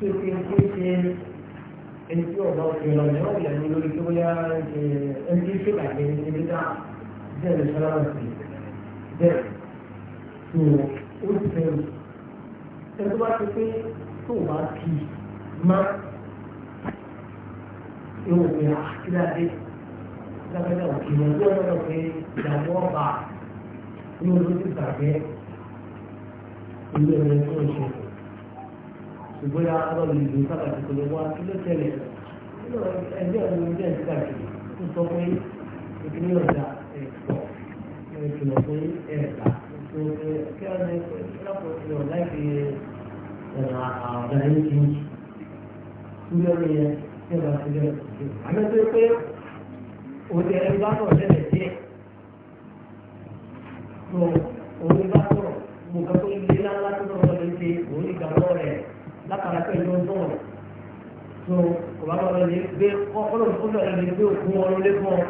tí o ti ń pè ṣe ẹni tí ọ̀gá òfin ọ̀nà ìwọ̀n ìlẹ̀ ní lórí tó yá ẹni tí ṣe bàjẹ́ ní ibi náà bẹ́ẹ̀ lè ṣọlá bẹ́ẹ̀ tó o ti fẹ́ o tó bá ti pé tó o bá kì í má yóò pè á kí òkè wọn yóò lọ́dọ̀ pé ìdààmú ọba yóò ló ti gbàgbé ìlú tó ń ṣe ìgbóyà ọlọ́run ìlú sábà kò lè wá kí ló tẹ̀lé ẹgbẹ́ ọ̀run ilé ẹ̀ síta kì sọ pé ìpínlẹ̀ ọ̀dà ẹ̀kọ́ ìkìlọ̀ pé ẹ̀ka tó ṣe kí wọ́n ní ìlọ́pọ̀ ti ọ̀dà ìfi ọ̀dà ẹ̀yìn kì í kúlẹ̀ ọ̀rẹ́ yẹn tí ọ̀dà ti àmì tó pé òde ẹ̀rú bá sọ̀rọ̀ lẹ́lẹ̀ díẹ̀ tó òde bá sọ̀rọ̀ mo kà tó ilé ńlá ńlá tó sọ̀rọ̀ látara ìlú ń dùn tó ọba lọ́wọ́ lè gbé ọlọ́run ó fẹ́ lè gbé òkú ọrọ̀ lé fún ọ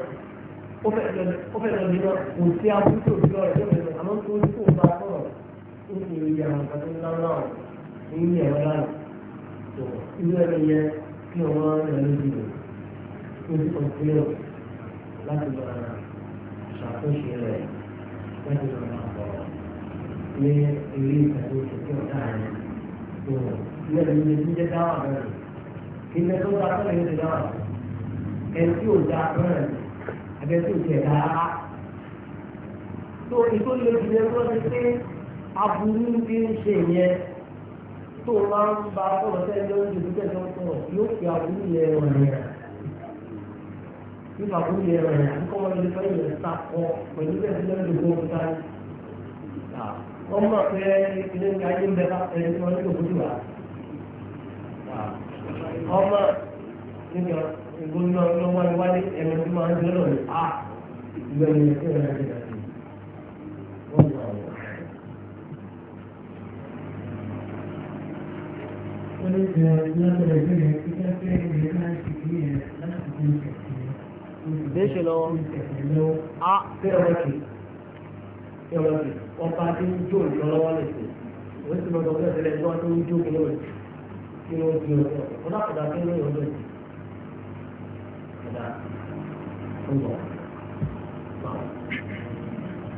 ó fẹ́ lọ lọ kò sí abúlé òbí lọ rẹ̀ lọ́wọ́ àmọ́ tó ń kó bá sọ̀rọ̀ ó sì ń yà wọn kàtó ńlá náà ní ilé ẹ̀rọ lánàá tó ilé ẹ̀rọ yẹ kí ọmọ rẹ̀ lójú rẹ̀ ó sì kọ̀ sí rẹ̀ láti lọ ṣàkóso rẹ̀ láti máa bọ̀ ní ilé ìtàgé ìṣèkí ọ̀dà rẹ̀ tó rẹ̀ ilé ẹ̀mí ilé ní ayé ń bẹ bá ẹni tí wọ́n ní òkúta ọmọ nígbà ìgbóni náà ló wá ní wálé ẹni tí máa ń jẹ lọ́nà á ìgbà ìyẹn tí wọ́n ti dàgbé wọ́n mú àwọn. Wọ́n lè jẹ́ lọ́dọ̀ ìbílẹ̀ kíkẹ́ pé ìrìn náà ti kí ẹ̀ láti fi ìṣẹ̀kẹ̀. Ìṣẹ̀kẹ̀ lọ́wọ́. Ìṣẹ̀kẹ̀ lọ́wọ́. Á fẹ́ràn kì í ẹ̀rọ ọba tí ń jó ìjọ lọ́wọ́ lè ṣe òun sì lọ́dọ̀ ọ̀gbẹ́ ìṣẹ̀lẹ̀ ìjọ tó ń jó kí lóòrè tí ó di ọ̀sẹ̀ wọn náà kọ̀dà kí ló yọ ọdún yìí kọ̀dà ó lọ.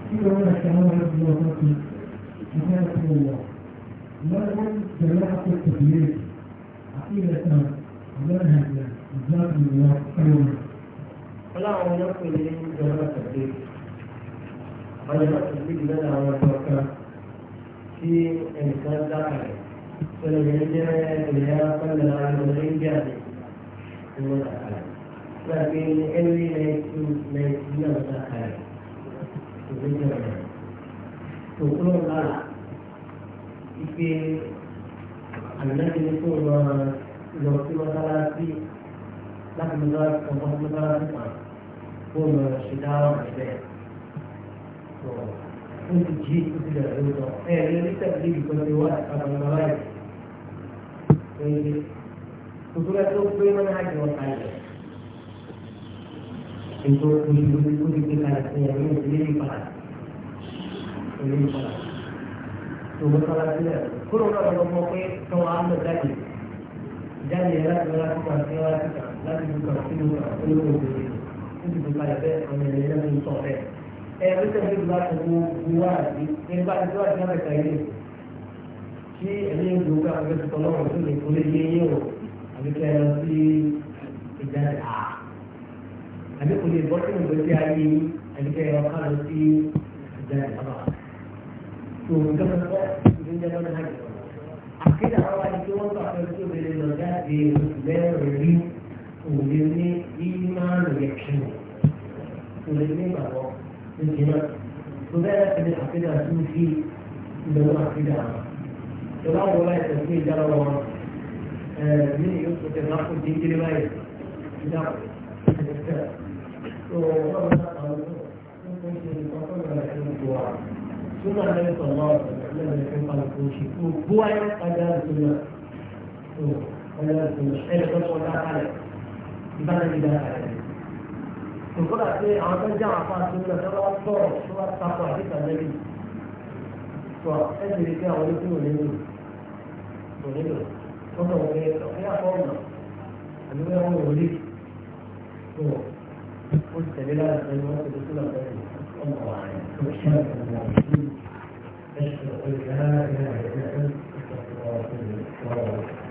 Kí ló ń ṣe àwọn ọmọ ọdún ti ìfẹ́ ẹ̀sìn ìwọ̀? Lọ́wọ́ bẹ̀rẹ̀ àkókò ìlé àti ìrẹsàn ọ̀gbẹ́rẹ̀ àgbẹ̀ ìjọba ìwọ̀ ọ̀hún. Ọláwọn ọmọ ọkùnrin ní ìjọba ìtàgé. Ọjọ́ ìtàgé ìgbẹ́ni àwọn ọ̀dọ́ kan tí ẹnìkan dákàlẹ̀. لكن إني ليس مسخرا تقول لا إذا أنك تقول لو تمثلاتي لكن ذلك فقط مثلاتي قوم شداوة عباد كنت جيت إلى العودة أي لم تبليغ كل واحد على المرايا pé tuntun rẹ tó gbé mọ́nà àjọ kalẹ̀ ètò òṣèlú tó ti gbé kalẹ̀ fún ẹ̀mí ìdílé ìpadà ìdílé ìpadà tó wọ́n sọ́ra sílẹ̀ kúrò náà lọ mọ́ pé tó wàá lọ jáde jáde láti lọ láti kàn sí láti kàn láti kàn sí lọ kàn sí lọ òṣèlú tó ti gbé kalẹ̀ bẹ́ẹ̀ ọ̀nà ìrìnàjò sọ̀ bẹ́ẹ̀ ẹ̀rí tẹ̀lé ìgbà tó wọ́n wá àti nígbà tó wà ní ọ̀rẹ́ ṣé ẹ̀yìn ìdòwú àgbẹ̀ tó lọ́wọ́ tó lè kólé yé yé o àbí kẹ́ ẹ lọ sí ìjáde à àbí kò lè bọ́ sí ìgbésí ayé àbí kẹ́ ẹ lọ ká lọ sí ìjáde àbá. tó o gbọ́dọ̀ sọ ìdíjẹ́ lọ́dọ̀ hajj àkéde àwọn wáyé tí wọ́n gbà fẹ́ tó lè lọ jáde oṣù mẹ́rin rí òde ní ìmáàlù yẹn kí òde ní ìgbàgbọ́ ní ìjìnà tó bẹ́ẹ̀ àkéde àtúnfí ìdánwò àkéde àwọn. ìlànà wọn láì tẹ̀sí ìjára lọ wọn ní yóò tó tẹ̀sí àpò tí ń kiri báyìí ìjà ìjẹsẹ̀ tó wọ́n bá àwọn tó ń ṣe ìpapọ̀ ìrọ̀lẹ́ ìlú wa súnà lẹ́yìn sọ̀rọ̀ lẹ́yìn ìfẹ́ pàlùkù oṣù tó bó ayé ọjà ìṣúná tó ọjà ìṣúná ẹni tó sọ ọjà kalẹ̀ ìbáraẹni ìjà kalẹ̀ tòkọ́lá pé àwọn tó ń jẹ́ àwọn afọ àti ìlú ọ̀sán lọ́wọ́ sọ̀rọ̀ tó wá tapọ̀ àti ìtàn lẹ́yìn tó ẹ̀ kò nílò wọ́n kàn wọlé ọ̀fẹ́ àfọ́ọ̀mù àbí wọ́n wọ́n wọlé tó ó ti tẹ̀lé lára ìṣẹ́yìn wọ́n ti tó sílẹ̀ bẹ́ẹ̀ ọmọ wa rẹ̀ tó ṣe àtàwọn ọ̀hún ẹ̀ṣẹ̀ ọ̀hún ìyá ẹ̀ṣẹ̀ ọ̀hún ìṣẹ̀ṣẹ̀ ọ̀hún